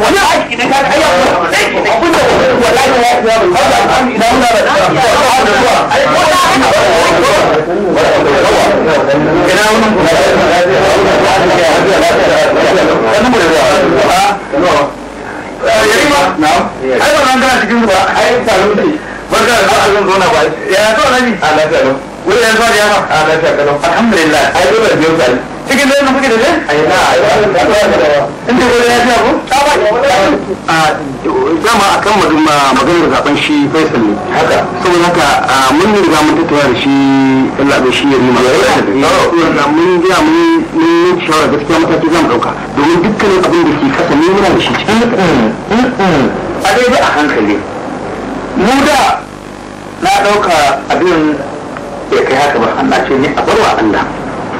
Ina wani yarima na'am ai ba nan kana cikin ruwa ai salon ne barka da zuwa zan zauna ba ya to alhaji a lafiya lau wuri yanzu da yawa a lafiya kalau alhamdulillah ai dole biyo sai cikin da yanzu kuke da ne? inda wani ya fi a a kan maganar zaben shi faisal saboda haka da shi Allah da shi ya rima mun zamu dauka domin dukkanin da ke kasa muna da shi cikin a a hankali mu da na dauka abin kai haka ba Allah ne a barwa Allah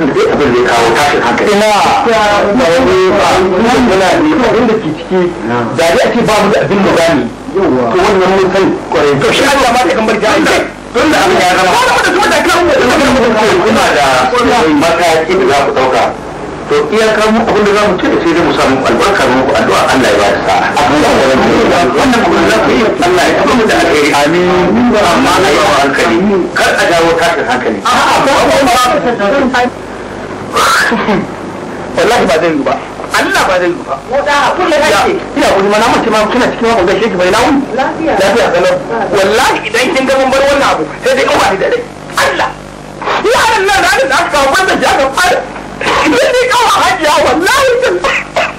duk abin da ya kawo tashin hankali ina da wani ba nan muna ne da ke ciki da dai ake babu da abin da zamu to wannan mun sani kwarai to shi Allah ma ta kamar jami'a tun da abin ya zama ko da kuma da kan mu kuna da mataki da za ku dauka to iyakar mu abin da za ce da sai mu samu albarka mu ku addu'a Allah ya ba ta sa'a abubuwan da wannan kuma za ku yi Allah ya kuma da alheri amin amma na yawa hankali kar a dawo tashin hankali a'a ko ba ba <laughs> wallahi ba zai yi ba Allah ba zai yi ba da hakuri kake ina gudu mana mun ce ma kina cikin wannan gaishe ki bai nawo lafiya lafiya kalau wallahi idan kin ga mun bar wannan abu sai dai kawai da dai Allah yaran nan ranar da aka kawo wannan jaka fara ni ne kawai hajiya wallahi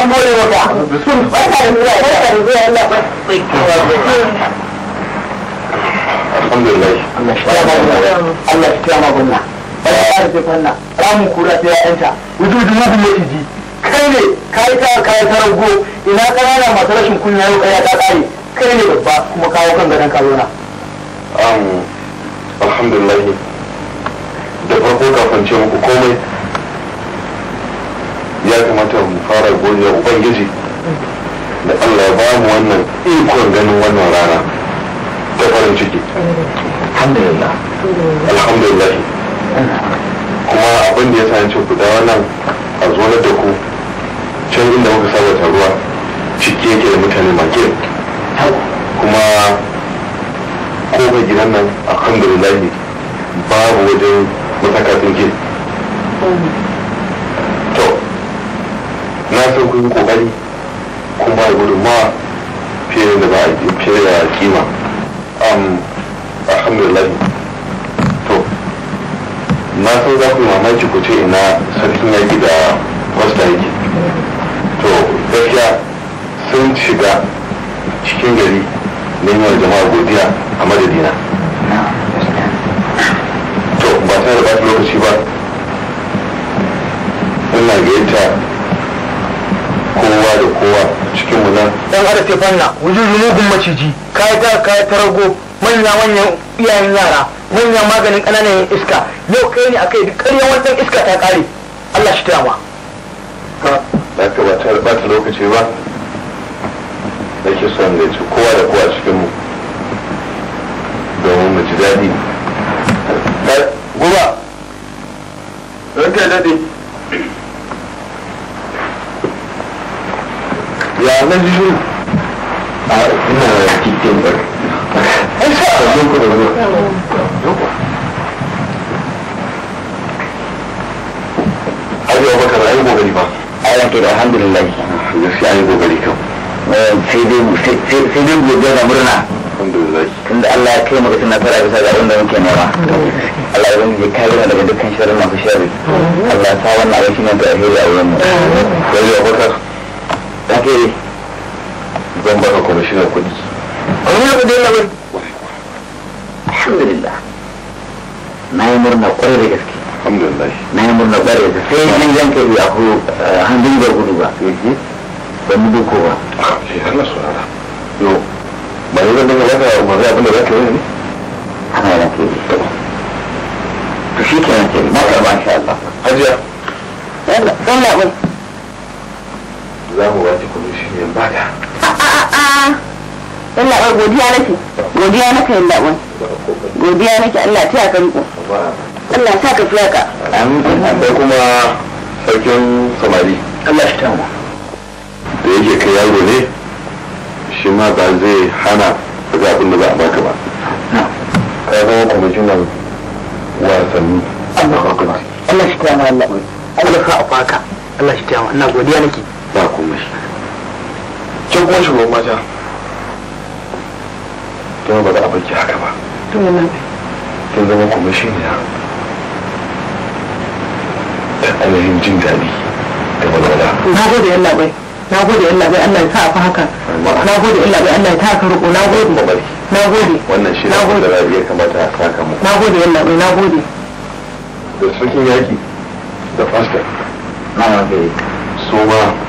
an more maka barka da zuwa barka da zuwa Allah alhamdulillah Allah ya kiyama gunna Allah ya rufe fanna ramin kura sai ya yanta wujudu mu ya ji kai ne kai ta kai ta rago ina kanana masu rashin kunya yau kai ta kare kai ne babba kuma kawo kan gadon kalona alhamdulillah da farko kafin ce muku komai ya kamata mu fara godiya ubangiji da allah ya bamu wannan ikon ganin wannan rana ta farin ciki alhamdulillah kuma abin da ya sa ce ku wannan a zuwa da ku can inda muka saba taruwa ciki yake da mutane make kuma kofar gidan nan alhamdulillah babu wajen matakafin ke na so ku yi kokari kun ba ma fiye da ba a fiye da kima alhamdulillah to na so za ku mamaki ku ce ina sarkin yaki da wasta yake to gaskiya sun shiga cikin gari neman jama'a godiya a madadina to ba tare da ba lokaci ba ina gayyata kowa da kowa cikin mu nan dan ada ta fanna wujin mugun maciji kai ta kai ta rago manya manyan iyayen yara manya maganin kananan iska yau kai ne akai duk ƙarya wannan iska ta kare Allah shi tayama ha ba ta ba ta lokaci ba nake son da ci kowa da kowa cikin mu domin mu ji daɗi guba ranka daɗi ya na ji a ina cikin ba ai eh, sa murna tunda Allah ya kai mu kasin nasara bisa ga abin da muke nema Allah ya zama ya kare mu daga dukkan shirin masu shirin. Allah ya sa wannan abin shi ne da alheri a wurin mu. Yau yau ɗan kai zan baka kwamishinan kuɗi kwamishinan kuɗi yana wani alhamdulillah na yi murna kwarai da gaske na yi murna kwarai da sai nan zan kai a eh, hannun da gudu ba mhm. ban mu duko ba shi Allah saurara yo ba ne zan daga baka umarni abin da yi ne ana yana ke to shi kenan ke na karɓa insha Allah hajiya yalla sallah za mu ba ki kwamishin yan bada Allah ai godiya nake godiya nake yin daɓon godiya nake Allah ta ka riko Allah sa ka fiya ka akwai kuma sarkin samari Allah shi tamu da yake kai yaro ne shi ma ba zai hana zaɓin da za a baka ba ka zama kwamishinan wasanni Allah shi tamu Allah Allah ka a faka Allah shi tamu ina godiya nake ba komai kin kuma shugaban mata kuma ba za a baki haka ba to yana ne kin zama komai shi ne ya ta ainihin jin daɗi da walwala na gode yalla bai na gode yalla bai Allah ya sa a fa haka na gode yalla bai Allah ya ta ka roƙo na gode ba babari na gode wannan shi na gode da rabiya kamata a saka mu na gode yalla bai na gode da sarkin yaki da pastor na gode su ma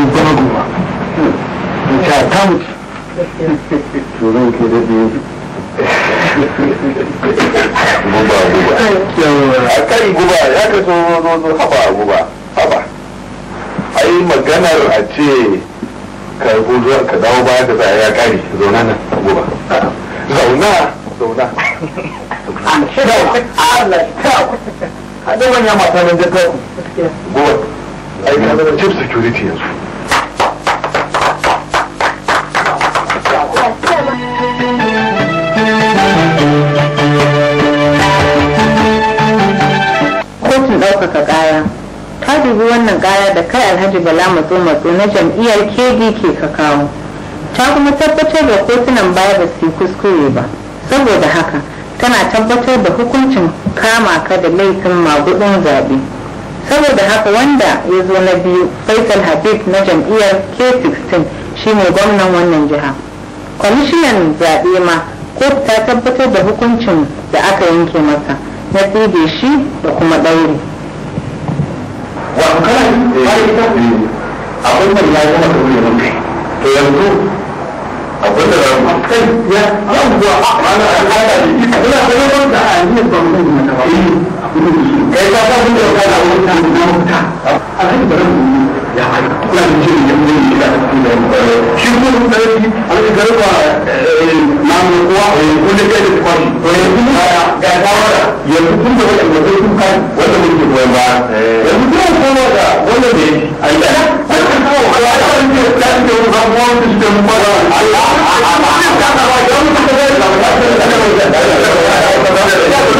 ku zama goma in sha ta mutu to zan ke daɗe guba guba a kai guba ya ka so zo zo haba guba haba ai maganar a ce ka gudu ka dawo baya ka tsaya ya kare zauna nan guba zauna zauna an shi da Allah ta a da manya mata nan da ka guba ai na zama chief security yanzu kotun ɗaukaka ƙaya ta dubi wannan ƙaya da kai alhaji bala matso matso na jam'iyyar ke ka kawo ta kuma tabbatar da kotunan baya ba su kuskure ba saboda haka tana tabbatar da hukuncin kama ka da laifin magudin zaɓe saboda haka wanda ya zo na biyu faisal habib na jam'iyyar k16 shine gwamnan wannan jiha kwamishinan zaɓe ma kotu ta tabbatar da hukuncin da aka yanke masa na ɗebe shi da kuma ɗauri. Wato kana bayan abin da ya zama da wuyan to yanzu abin da ya kai ya zama da ita muna ganin da a yi ban ba. Kai ta ta da ya haifar da shirin ya kuma yi da shi kuma sun tsaye an yi garba na kowa a yanku da kai da kwashi to yanzu mun kaya ga shawara yanzu tun da wata mutum sun kai wanda mun ke goyon baya yanzu kuma kowa da wanda ne a yi ɗaya sai ka kawo a yi ɗaya ne da ke wani kan kowa da shi da mun kwasa Allah Allah Allah Allah Allah Allah Allah Allah Allah Allah Allah Allah Allah Allah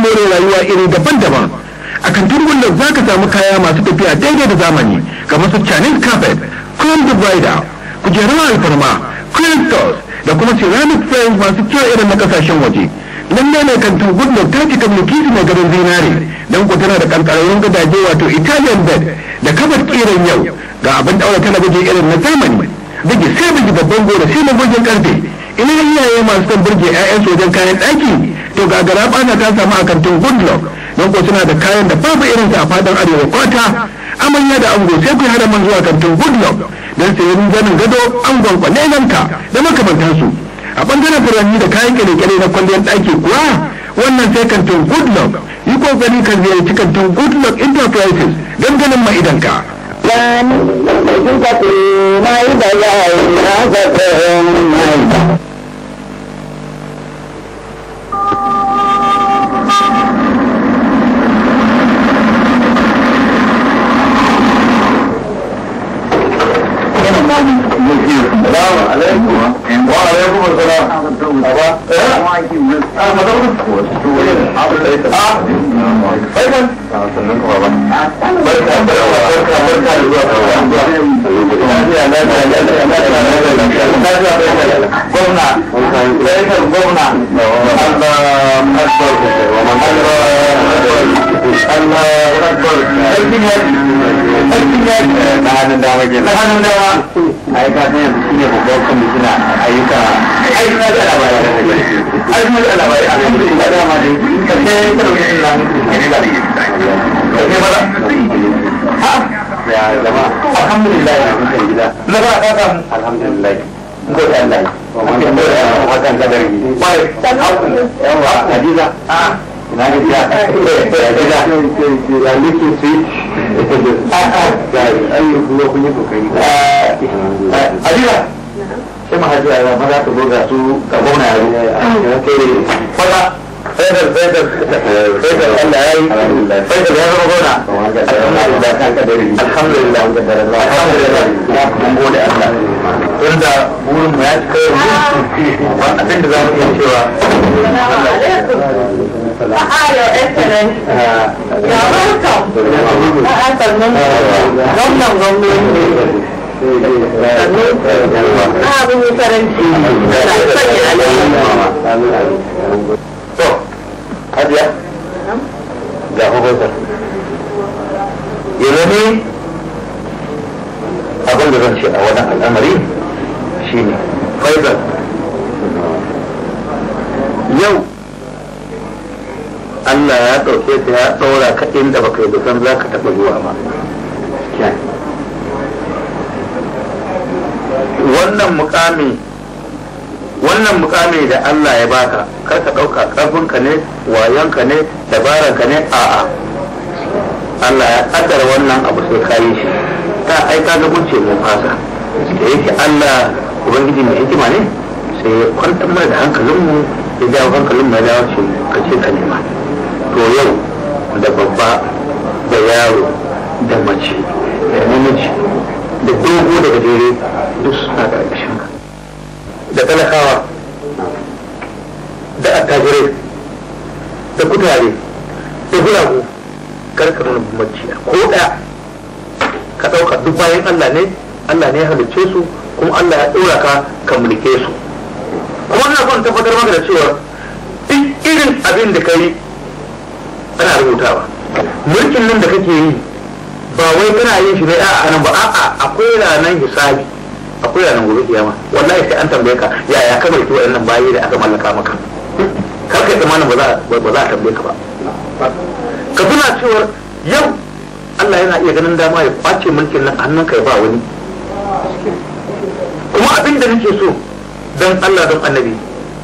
more rayuwa iri daban-daban a kantin gullar za ka samu kaya masu tafiya daidai da zamani kamar su canin carpet chrome divider kujerun alfarma crystals da kuma ceramic frames masu kyau irin na kasashen waje nan ne kantin gullar ta cika mulkisi mai garin zinare don ku tana da kankararrun gadaje wato italian bed da kabar kiran yau ga abin daura talabijin irin na zamani bugi sai bugi babban gora sai magogin karfe ina iyaye masu son burge 'ya'yansu wajen kayan ɗaki to ga bana ta samu a kantin goodluck don ko suna da kayan da babu irin ta a fadin arewa kwata amanya da ango sai ku hada man zuwa kantin goodluck don sayan zanin gado angon ka da su a bangaren furanni da kayan kere na kwalliyar ɗaki kuwa wannan sai kantin goodluck yi kokari ka ziyarci kantin goodluck enterprises don ganin ma'idanka Yan, da kuka na yi da yawon na zafi mai gwamna zaikar gwamna na hannun dama ke na hannun dama a yi kasan yanzu shi ne babban kwamishina ayyuka ayyuka da labarai ayyuka da labarai a kan da dama dai kashe kwamishina ne da ke kashe bara ya zama alhamdulillah na mutum gida zama ka samu alhamdulillah ko Allah wannan da hakan kadari bai yawa hadiza ah ina ga gida gida <laughs> ya liki su ga ayyu kuma kun yi kokari ah. hadiza sai mahajiya ya maza ta zo ga su ga gwamna ya fada ah. sai da sai da sai da Allah ya yi sai da ya zama gwamna alhamdulillah kan kadari alhamdulillah alhamdulillah alhamdulillah mun gode Allah wanda burin mu ya cika ba abin da za mu iya cewa Hi, Your Excellency. You're welcome. A'a, sannan gwamnan gwamnati. a abin yi karanci to hajiya ga hukuntar ya ne abin da zan ce a wani al'amari shi ne faizal yau Allah ya ɗauke ta ya ɗaura ka inda baka yi zaton za ka taɓa zuwa ba wannan mukami wannan mukami da Allah ya baka kar ka ɗauka ƙarfinka ne wayonka ne dabaranka ne a'a Allah ya kaddara wannan abu sai kayi shi ta aika da gunce mun fasa da yake Allah ubangiji mai hikima ne sai ya kwantar da hankalinmu ya dawo hankalin mai dawo ce ka ce ka nema to yau da babba da yaro da mace da namiji da dogo da gajere duk suna da ƙarƙashin ka da talakawa da attajirai da kutare da gudagu. kar ka nuna bambanci ko ɗaya ka ɗauka duk bayan Allah ne Allah ne ya halicce su kuma Allah ya dora ka ka mulke su kuma ina son tabbatar maka da cewa duk irin abin da ka yi ana rubutawa mulkin nan da kake yi ba wai kana yin shi ne a nan ba a'a akwai ranar hisabi akwai ranar gobe kiyama wallahi sai an tambaye ka yaya ka mai tuwa nan bayi da aka mallaka maka kar ka tsammanin ba za a tambaye ka ba ka tuna cewar yau Allah yana iya ganin dama ya kwace mulkin nan hannun kai ba wani kuma abin da nake so dan Allah don annabi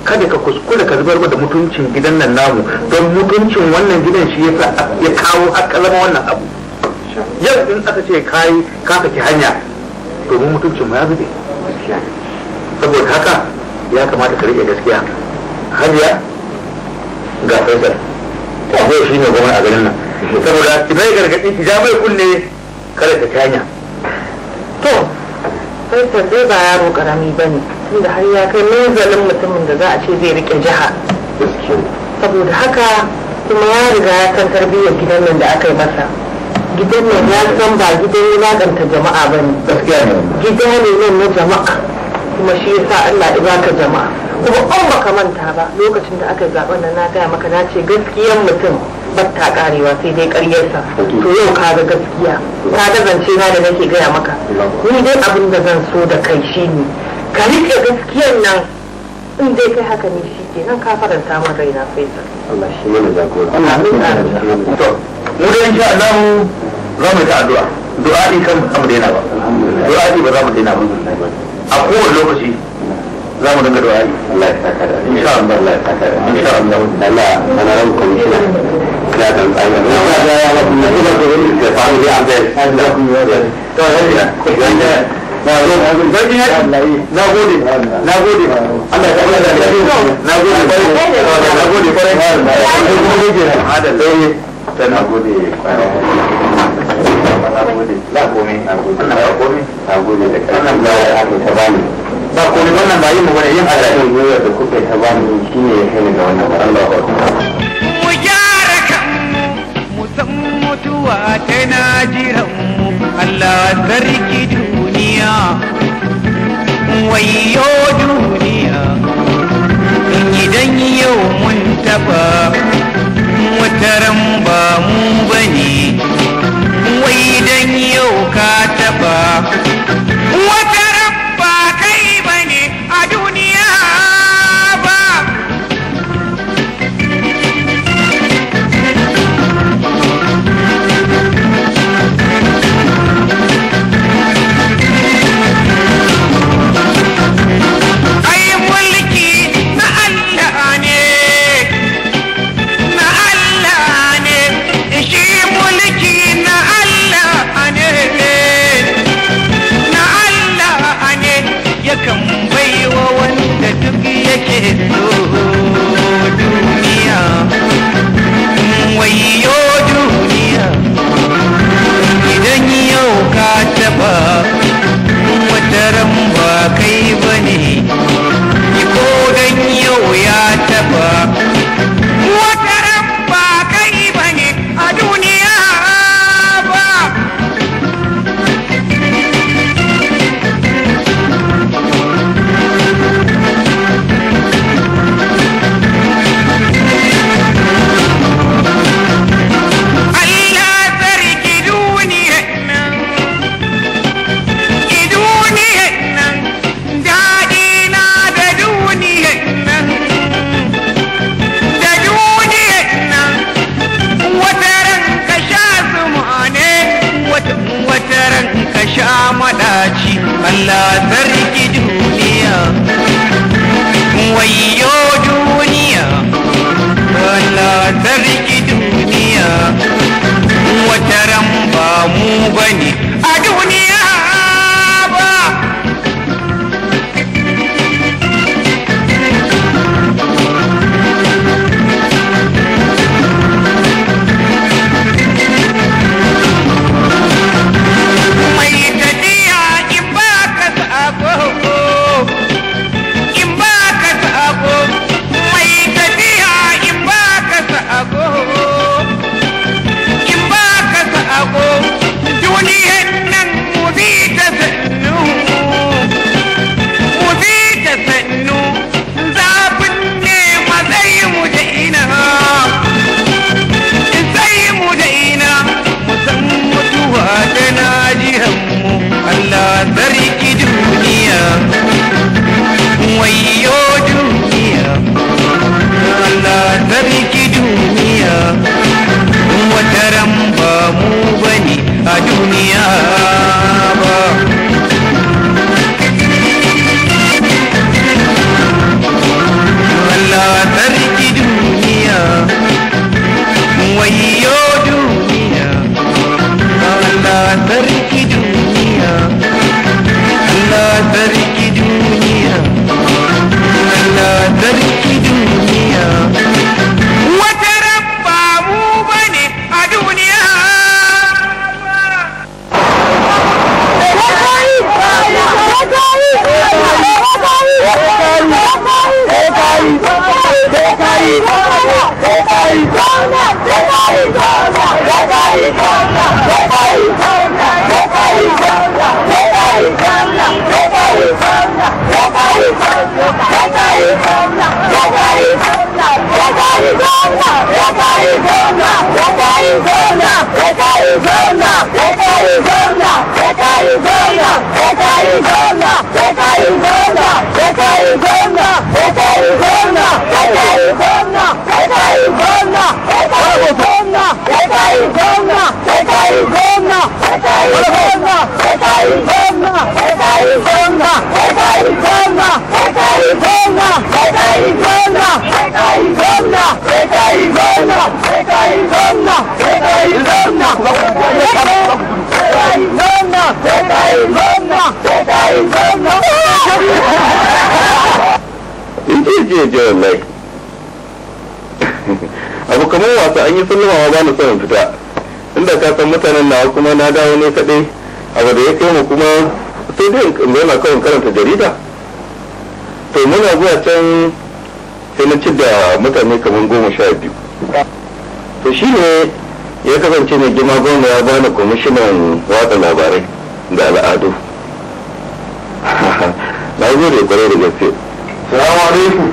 kada ka kuskura ka zubar da mutuncin gidan nan namu don mutuncin wannan gidan shi yasa ya kawo akalama wannan abu yau in aka ce kai ka saki hanya domin mutuncin mu ya zube saboda haka ya kamata ka rike gaskiya hanya ga faisal akwai shi ne gwamna a garin nan mhm. saboda ki bai gargaɗi ki ja mai kunne kada ta tanya to sai zai ba yaro karami ba ne tunda har ya kai manzalin mutumin da za a ce zai rike jiha saboda haka kuma ya riga ya san tarbiyyar gidan nan da aka yi masa gidan nan ya san ba gidan wulaƙanta jama'a ba ne gida ne nan na jama'a kuma shi ya sa Allah ya baka jama'a kuma an baka manta ba lokacin da aka zaɓa nan na gaya maka na ce gaskiyan mutum batta karewa sai dai karyarsa to yau ka ga gaskiya ka ga zance ba da nake gaya maka ni dai abin da zan so da kai shi ne ka rike gaskiyan nan in dai kai haka ne shi ke nan ka faranta min raina sa Allah shi mana jagora Allah shi mana jagora to mu dai insha Allah za mu ta addu'a du'a kan abu daina ba du'a ba za mu daina ba a kowane lokaci za mu dinga du'a Allah ya saka da Allah Allah ya saka da da wani da da ya ya da ya da gode ba komai na gode Allah ya komai na gode da karfin da ya aka ta bani ba komai wannan ba yin mu bane yin Allah din goyar da kuka ta bani shine ya kai ga wannan Allah ya mu gyara kanmu mu san mutuwa ta na jiranmu. Allah sarki duniya wayo duniya idan yau mun taba wataran ba mu bane wai dan yau ka taba wata so duniya wayo I need. an yi sallama ba ni son fita inda ka san mutanen nawa kuma na dawo ne kaɗai abu da ya kai mu kuma sai dai in zauna kawai karanta jarida to muna zuwa can sai na ci da mutane kamar goma sha biyu to shi ne ya kasance mai gima goma ya bani kwamishinan watsa labarai da al'adu <laughs> na gode kwarai da gaske salamu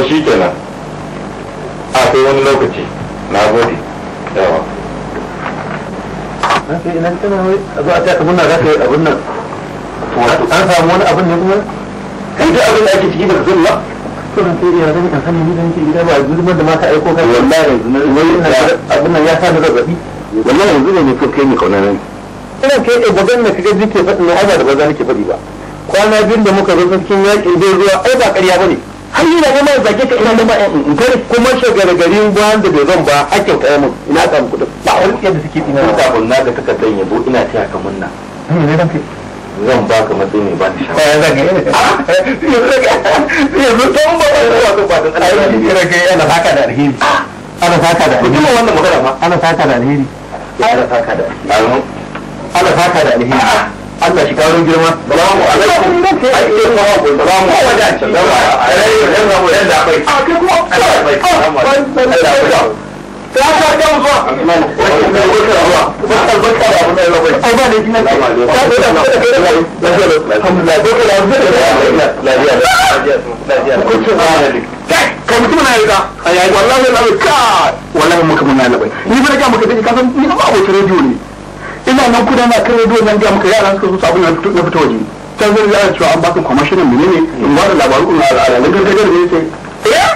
to shi kenan a kai wani lokaci na gode yawa idan wai a ta abin nan za yi nan an samu wani abin ne kuma kai da abin da ake ciki da zan ba to ran sai eh, ya zama kan sanin gidan ke gida ba zulma da ma ka aiko kai wallahi yanzu abin nan ya sa da zazzabi wallahi yanzu ne ko kai ne kauna nan ina kai da bagan da kaga jike fadin na ba da baza nake faɗi ba kwana biyun da muka zo cikin yaƙi zai zuwa ai ba ƙarya bane har yi na ma zage ka ina nema in kai kuma shagara garin bayan da bai zan ba hakkin ka yamin ina samu kuɗin ba wani tsaye da suke ina da Na da kaka dan yabo ina taya ka munna zan ba ka matsayi mai ba da shawara zan eh, ga <laughs> ah, yanzu tun ba wani ba da tsari kira ga yana baka da alheri ana saka da alheri ah, kuma wannan magana ma ana saka da alheri ana saka da alheri ana saka da alheri ah, Allah shi karo girma salamu alaikum ai ke kuma ku salamu alaikum salamu alaikum dan rabu dan da bai a kai kuma Allah bai ah, salamu alaikum Allah bai ta ta zuwa amin ba ne wata ruwa barka barka ba abun da ya bai ai ba ne kina ta ta da ba barka da abun da ya ba lafiya lafiya lafiya ku ce ba ne kai ka mutum na ba ai wallahi na bai ka ba muka mun na bai ni ba ba muka dai ka san ni ba abokin rediyo ne ina nan kuda na kai rediyo zan gaya maka yaran suka su abin na fito waje can zai zai cewa an bakin kwamashinan mu ne in ba da labaru kuma a gargajar ne sai eh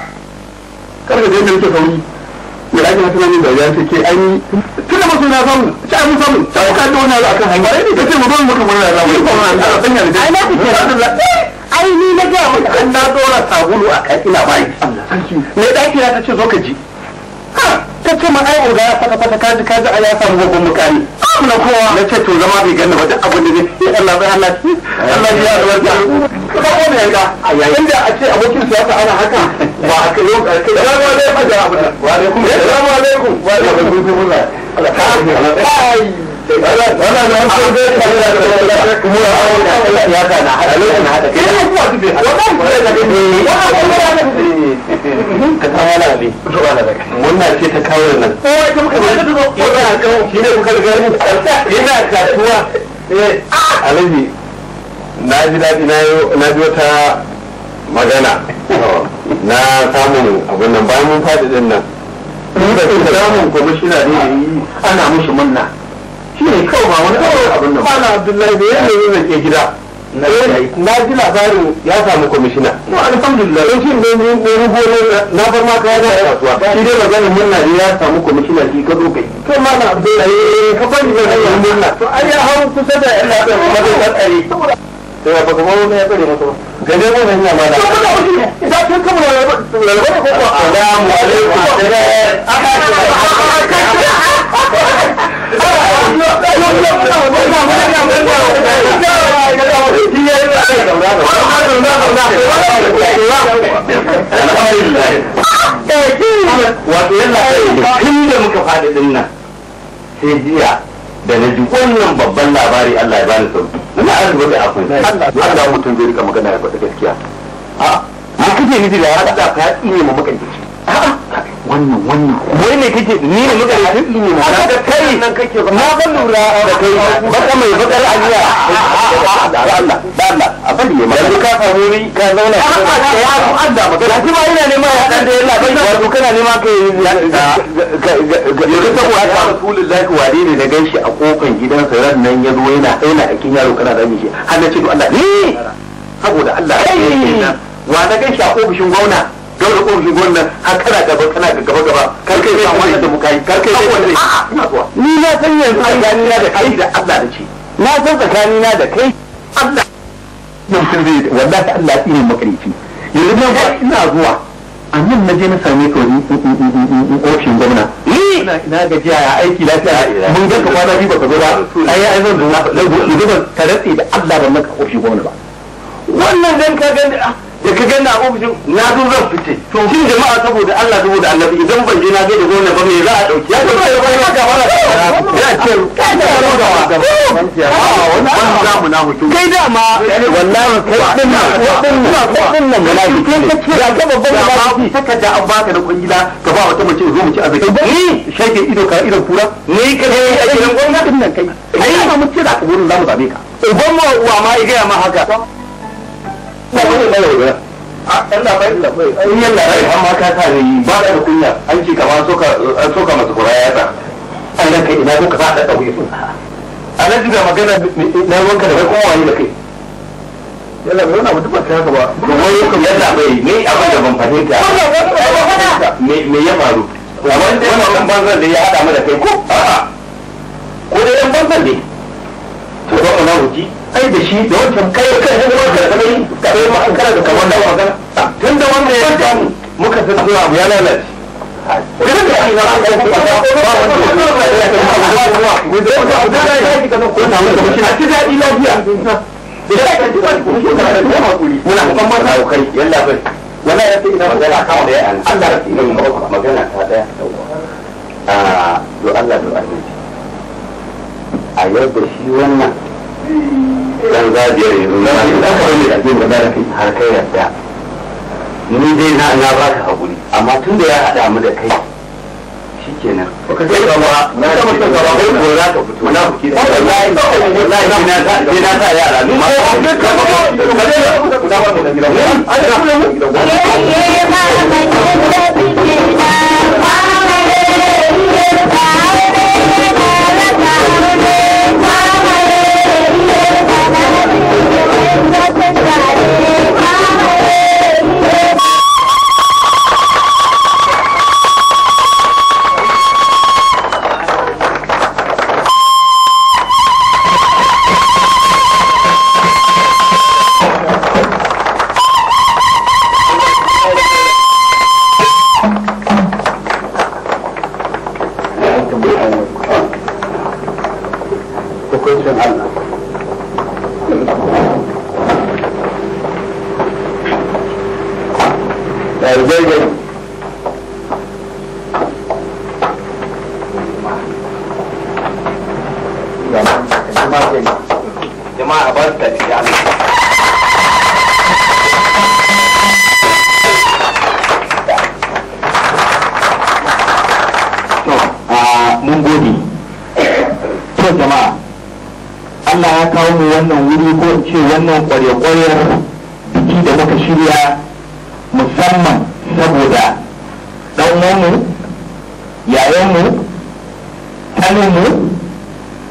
karka da yadda sauri ya rage na tunanin da ya ce ke an yi tun da masu na samu ci samu ta da wani ne kace mu a sanya da ai ni na maka an na dora sabulu ina ne zo ka ji ha ta ce ma ai oga ya kaji kaji a ya samu babban mukami na kowa na ce to zama bai ganna ba duk abin da zai Allah bai Allah Allah ya albarka ka ko ne ga inda a ce abokin ana haka ba haka yau ka ce alaikum wa alaikum alaikum wa alaikum wannan da wasu da ya kare da na hada ne na hada kai ka tsama na ne na ce ta kawo nan ko shi ne kuka ga ni ina kasuwa eh na ji daɗi na yi wata magana na samun abin nan bayan mun faɗi nan Ina samun kwamishina ne ana mushi munna shi ne kawai ba wani kawai abin nan kwana abdullahi da yanayi zai zake gida eh, na ji labarin ya samu kwamishina no alhamdulillah don eh, ne ne ne rubo ne na bar ma kaya da kasuwa shi dai maganin murna ne ya samu kwamishina ki ka zo kai kai ma na abdullahi eh, ka bari da rayuwar murna to ai ya hau kusa da Ina lafiya kuma zai to ya baka mawa ne ya tsare masa gaje mu ne ma da to da kin kuma lalaba lalaba ko ko alaikum aka wato da muka jiya da na ji wannan babban labari Allah ya bani sauki na Allah mutum zai rika magana ya faɗi gaskiya a me kake nufi ka iya makanci wannan wannan wai ne kake ni ne muka yi ne na ga kai na ga lura da kai baka mai bakar aniya Allah Allah abin da ya yanzu ka samu ni ka zauna ka ce ya ku da maka da kuma ina nema ya dan da Allah bai wato kana nema ka yi yanzu ta kuwa ta Rasulullahi ware ne da ganshi a kofan gidansa ran nan ya zo yana yana akin yaro kana da mishi har na ce to Allah ni saboda Allah a ofishin gwamna dole ko ni wannan har kana gaba kana ga gaba gaba kar kai san wannan da muka yi kar kai san wannan a'a ina zuwa ni na san yanzu tsakani na da kai da Allah da ce na san tsakani na da kai Allah mutum zai ta Allah shi ne makarici yanzu nan ba ina zuwa a nan na je na same ka wani ofishin gwamna na gajiya ya aiki lafiya mun ga ka kwana biyu baka zo ba ai ai zan zo na zo ka rantsi da Allah ban maka ofishin gwamna ba wannan dan ka gani da ka ganna a ofishin na zo zan fice shin jama'a saboda Allah saboda annabi idan ban je na je da gona ba me za a dauki ya zama ya bayyana ga wala ya ce ka da wani na mutum kai da ma wallahi kai din nan din nan din nan wallahi ya ga babban malaki saka da an baka da kungila ka ba wata mace zo mu ci azaki ni shege ido ka ido kura ni ka ne a gidan gwamnati nan kai ai ba mu ce da ka gurin za zabe ka uban mu wa ma ya ga ma haka ina ne ba yaudara a ɗan labai labai in amma ka sa ne ba da kunya an ci kama soka masu kura ta an ranka ina zo ka sa da ɗauye a nan jiga magana na ruwanka da kai kuma waye da kai yalla bai wani ba ta haka ba wani yakan yalla bai ne abin da ban fahimta me ya faru wanda wannan banzan da ya haɗa mu da kai ko a'a ko da yan banzan ne to ba mu na wuce ai da shi da wancan kai kai ne ma ka dai ka dai ma kana da kamar da magana tun da wannan ya kan muka san zuwa mu ya lalace a yau da shi wannan dan zabiyar yanzu na yi da ka rage abin da zaka yi har kai yadda ni dai na na ba ka hakuri amma tun da ya haɗa mu da kai shikenan ka sai gaba na ka mutum gaba kai ko za ka fito na fuki da wallahi wallahi na ta ni na ta yara ni ma ka ka ka ka ka ka ka ka ka ka ka ka ka ka ka ka ka ka ka fushin Allah ɗalibai wannan kwarya biki da muka shirya musamman saboda ɗanwanmu yayanmu taninmu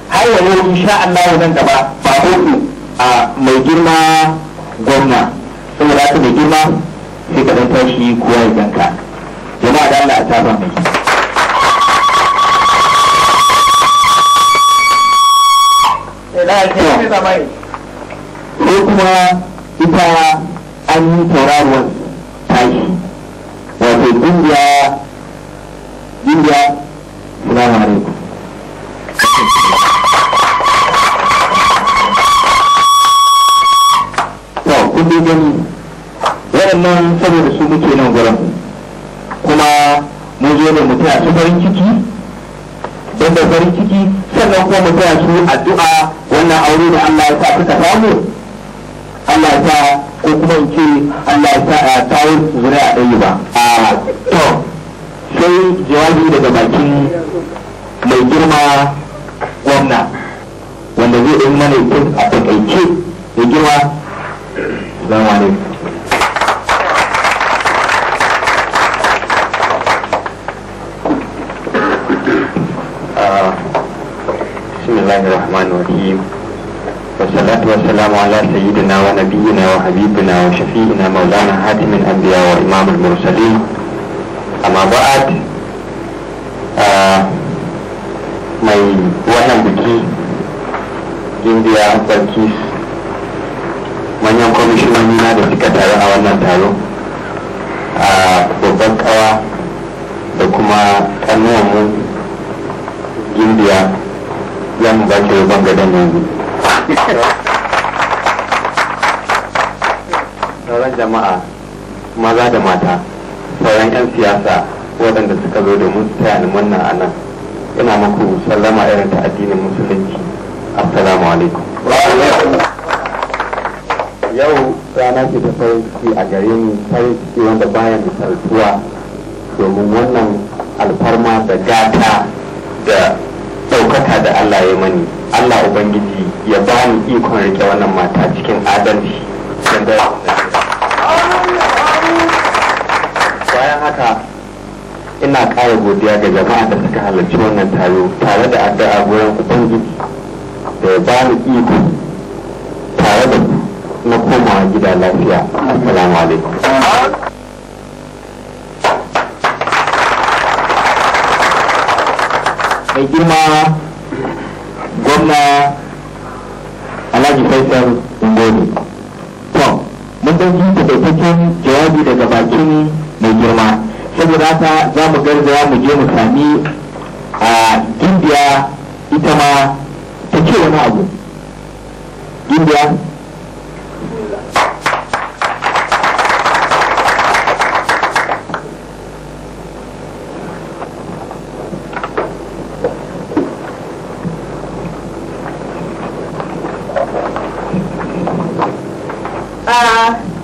har yau yau insha Allah nan gaba ba hudu a mai girma gwamna saboda haka mai girma sai ka dan tashi kowa ya ganka jama'a da Allah a taba mai eh, ko kuma ita an yi tauraruwar tashi wato indiya indiya salamu alaikum to kun dai gani waɗannan saboda su muke nan gurin kuma mu zo ne mu taya su farin ciki don da farin ciki sannan kuma mu taya su addu'a wannan aure da Allah ya sa suka samu mai girma gwamna alhaji faisal ingoni to mun dan ji takaitaccen jawabi daga bakin mai girma saboda haka za mu garzaya mu je mu sami a indiya ita ma ta ce wani abu indiya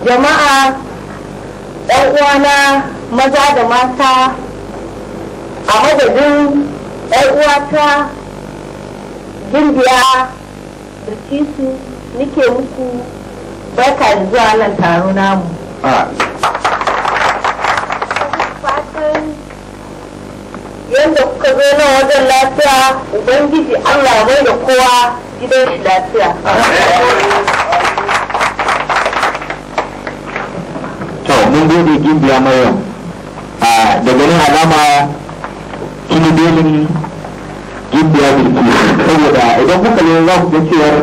jama'a ɗan uwana maza da mata a madadin ɗan uwata da kisu nike muku barka da zuwa nan taro namu yadda kuka zo nan wajen lafiya ubangiji allah mai da kowa gidan shi lafiya mai yau a da ganin alama kini belin gimbiya bilki saboda idan kuka ne za ku ga cewar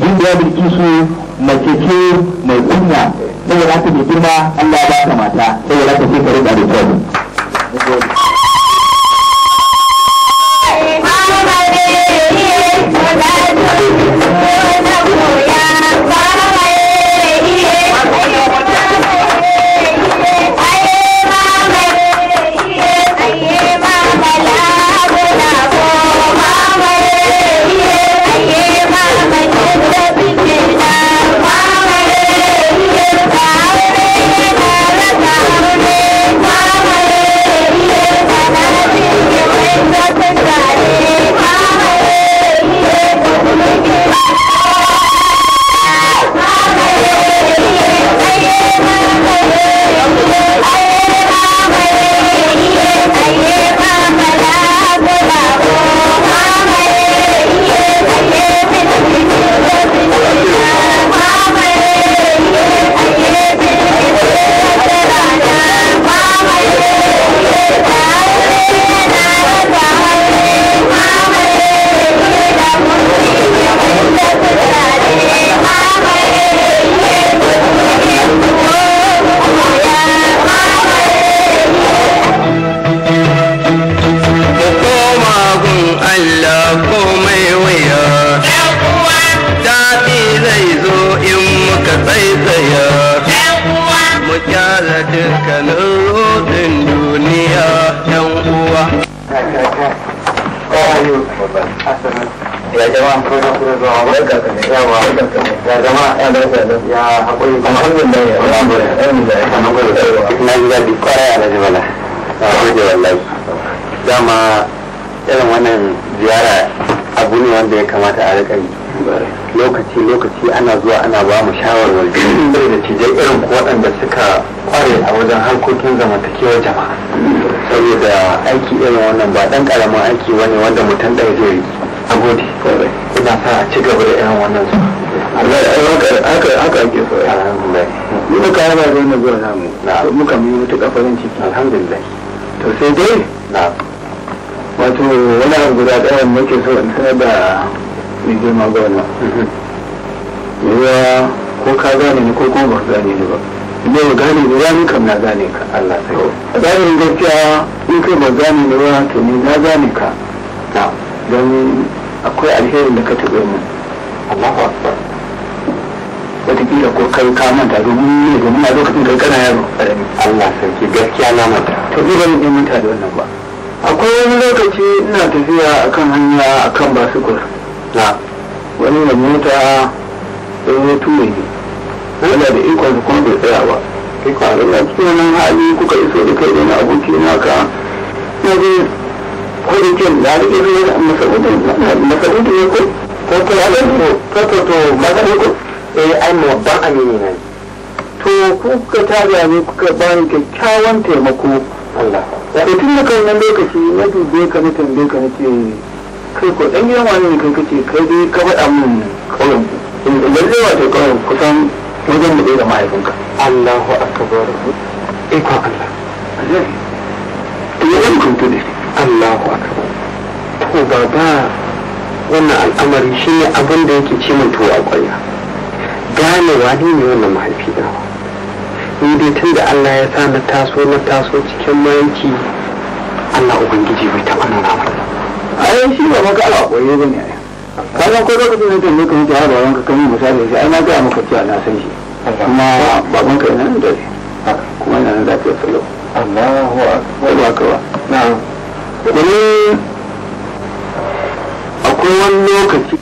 gimbiya bilki su mace ce mai kunya saboda ta mai girma Allah bata ba ta mata saboda ta ce ka rika da alƙari lokaci lokaci ana zuwa ana ba mu shawarwari sai da cijai irin waɗanda suka kware a wajen harkokin zamantakewar jama'a saboda aiki irin wannan ba ɗan ƙaramin aiki wani wanda mutum ɗaya zai yi a gode ina sa a ci gaba da irin wannan su allah haka ake so ya yi muka yaba da wannan zuwa namu muka yi mutu kafarin ciki alhamdulillah to sai dai wato wani abu guda ɗaya muke so in sanar da mai girma gwamna yawa ko ka gane ni ko kuma ba gane ni ba ne ba gane ni ba ni kam na gane ka Allah sai a zahirin gaskiya in kai ba gane ni ba to ni na gane ka don akwai alherin da ka taɓa mu Allahu akbar wataƙila ko kai ka manta domin ne domin a lokacin kai kana yaro ƙarami Allah sarki gaskiya na manta to ni ban yi manta da wannan ba akwai wani lokaci ina tafiya akan hanya akan basu kura na wani mai mota ɗan ya ture ne wanda da ikon su kuma bai tsaya ba kai ikon Allah cikin wannan hali kuka iso da kai wani na ka na zai kodin kyan da ake zuwa masarauta ne ko ko ko ya ko ko ko to masarauta ko eh ai mu ban amini ne to kuka tada ne kuka ba ni kyakkyawan taimako Allah ya tun da kai nan lokaci na dube ka na tambaye ka na ce kai ko dan gidan wani ne kai kake kai dai ka faɗa min kauyen ku idan zai wato kauyen kusan wajen da ɗaya da mahaifinka Allahu akbar iko Allah Allah idan kun tuɗe Allahu akbar to baba wannan al'amari shi ne abin da yake ce min tuwa ƙwarya Gane wani ne wannan mahaifi na ni dai tun da Allah ya sa na taso na taso cikin mayanki Allah Ubangiji bai taɓa nuna mana ai shi ba maka ala koyi ba ne kaga ko lokacin da baban ka kan misali shi ai na ga maka cewa na san shi kuma baban ka nan da kuma nan da ke salo Allahu akbar ba ka ba na'am akwai wani lokaci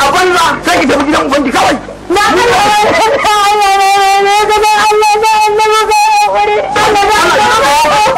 a banza sai Allah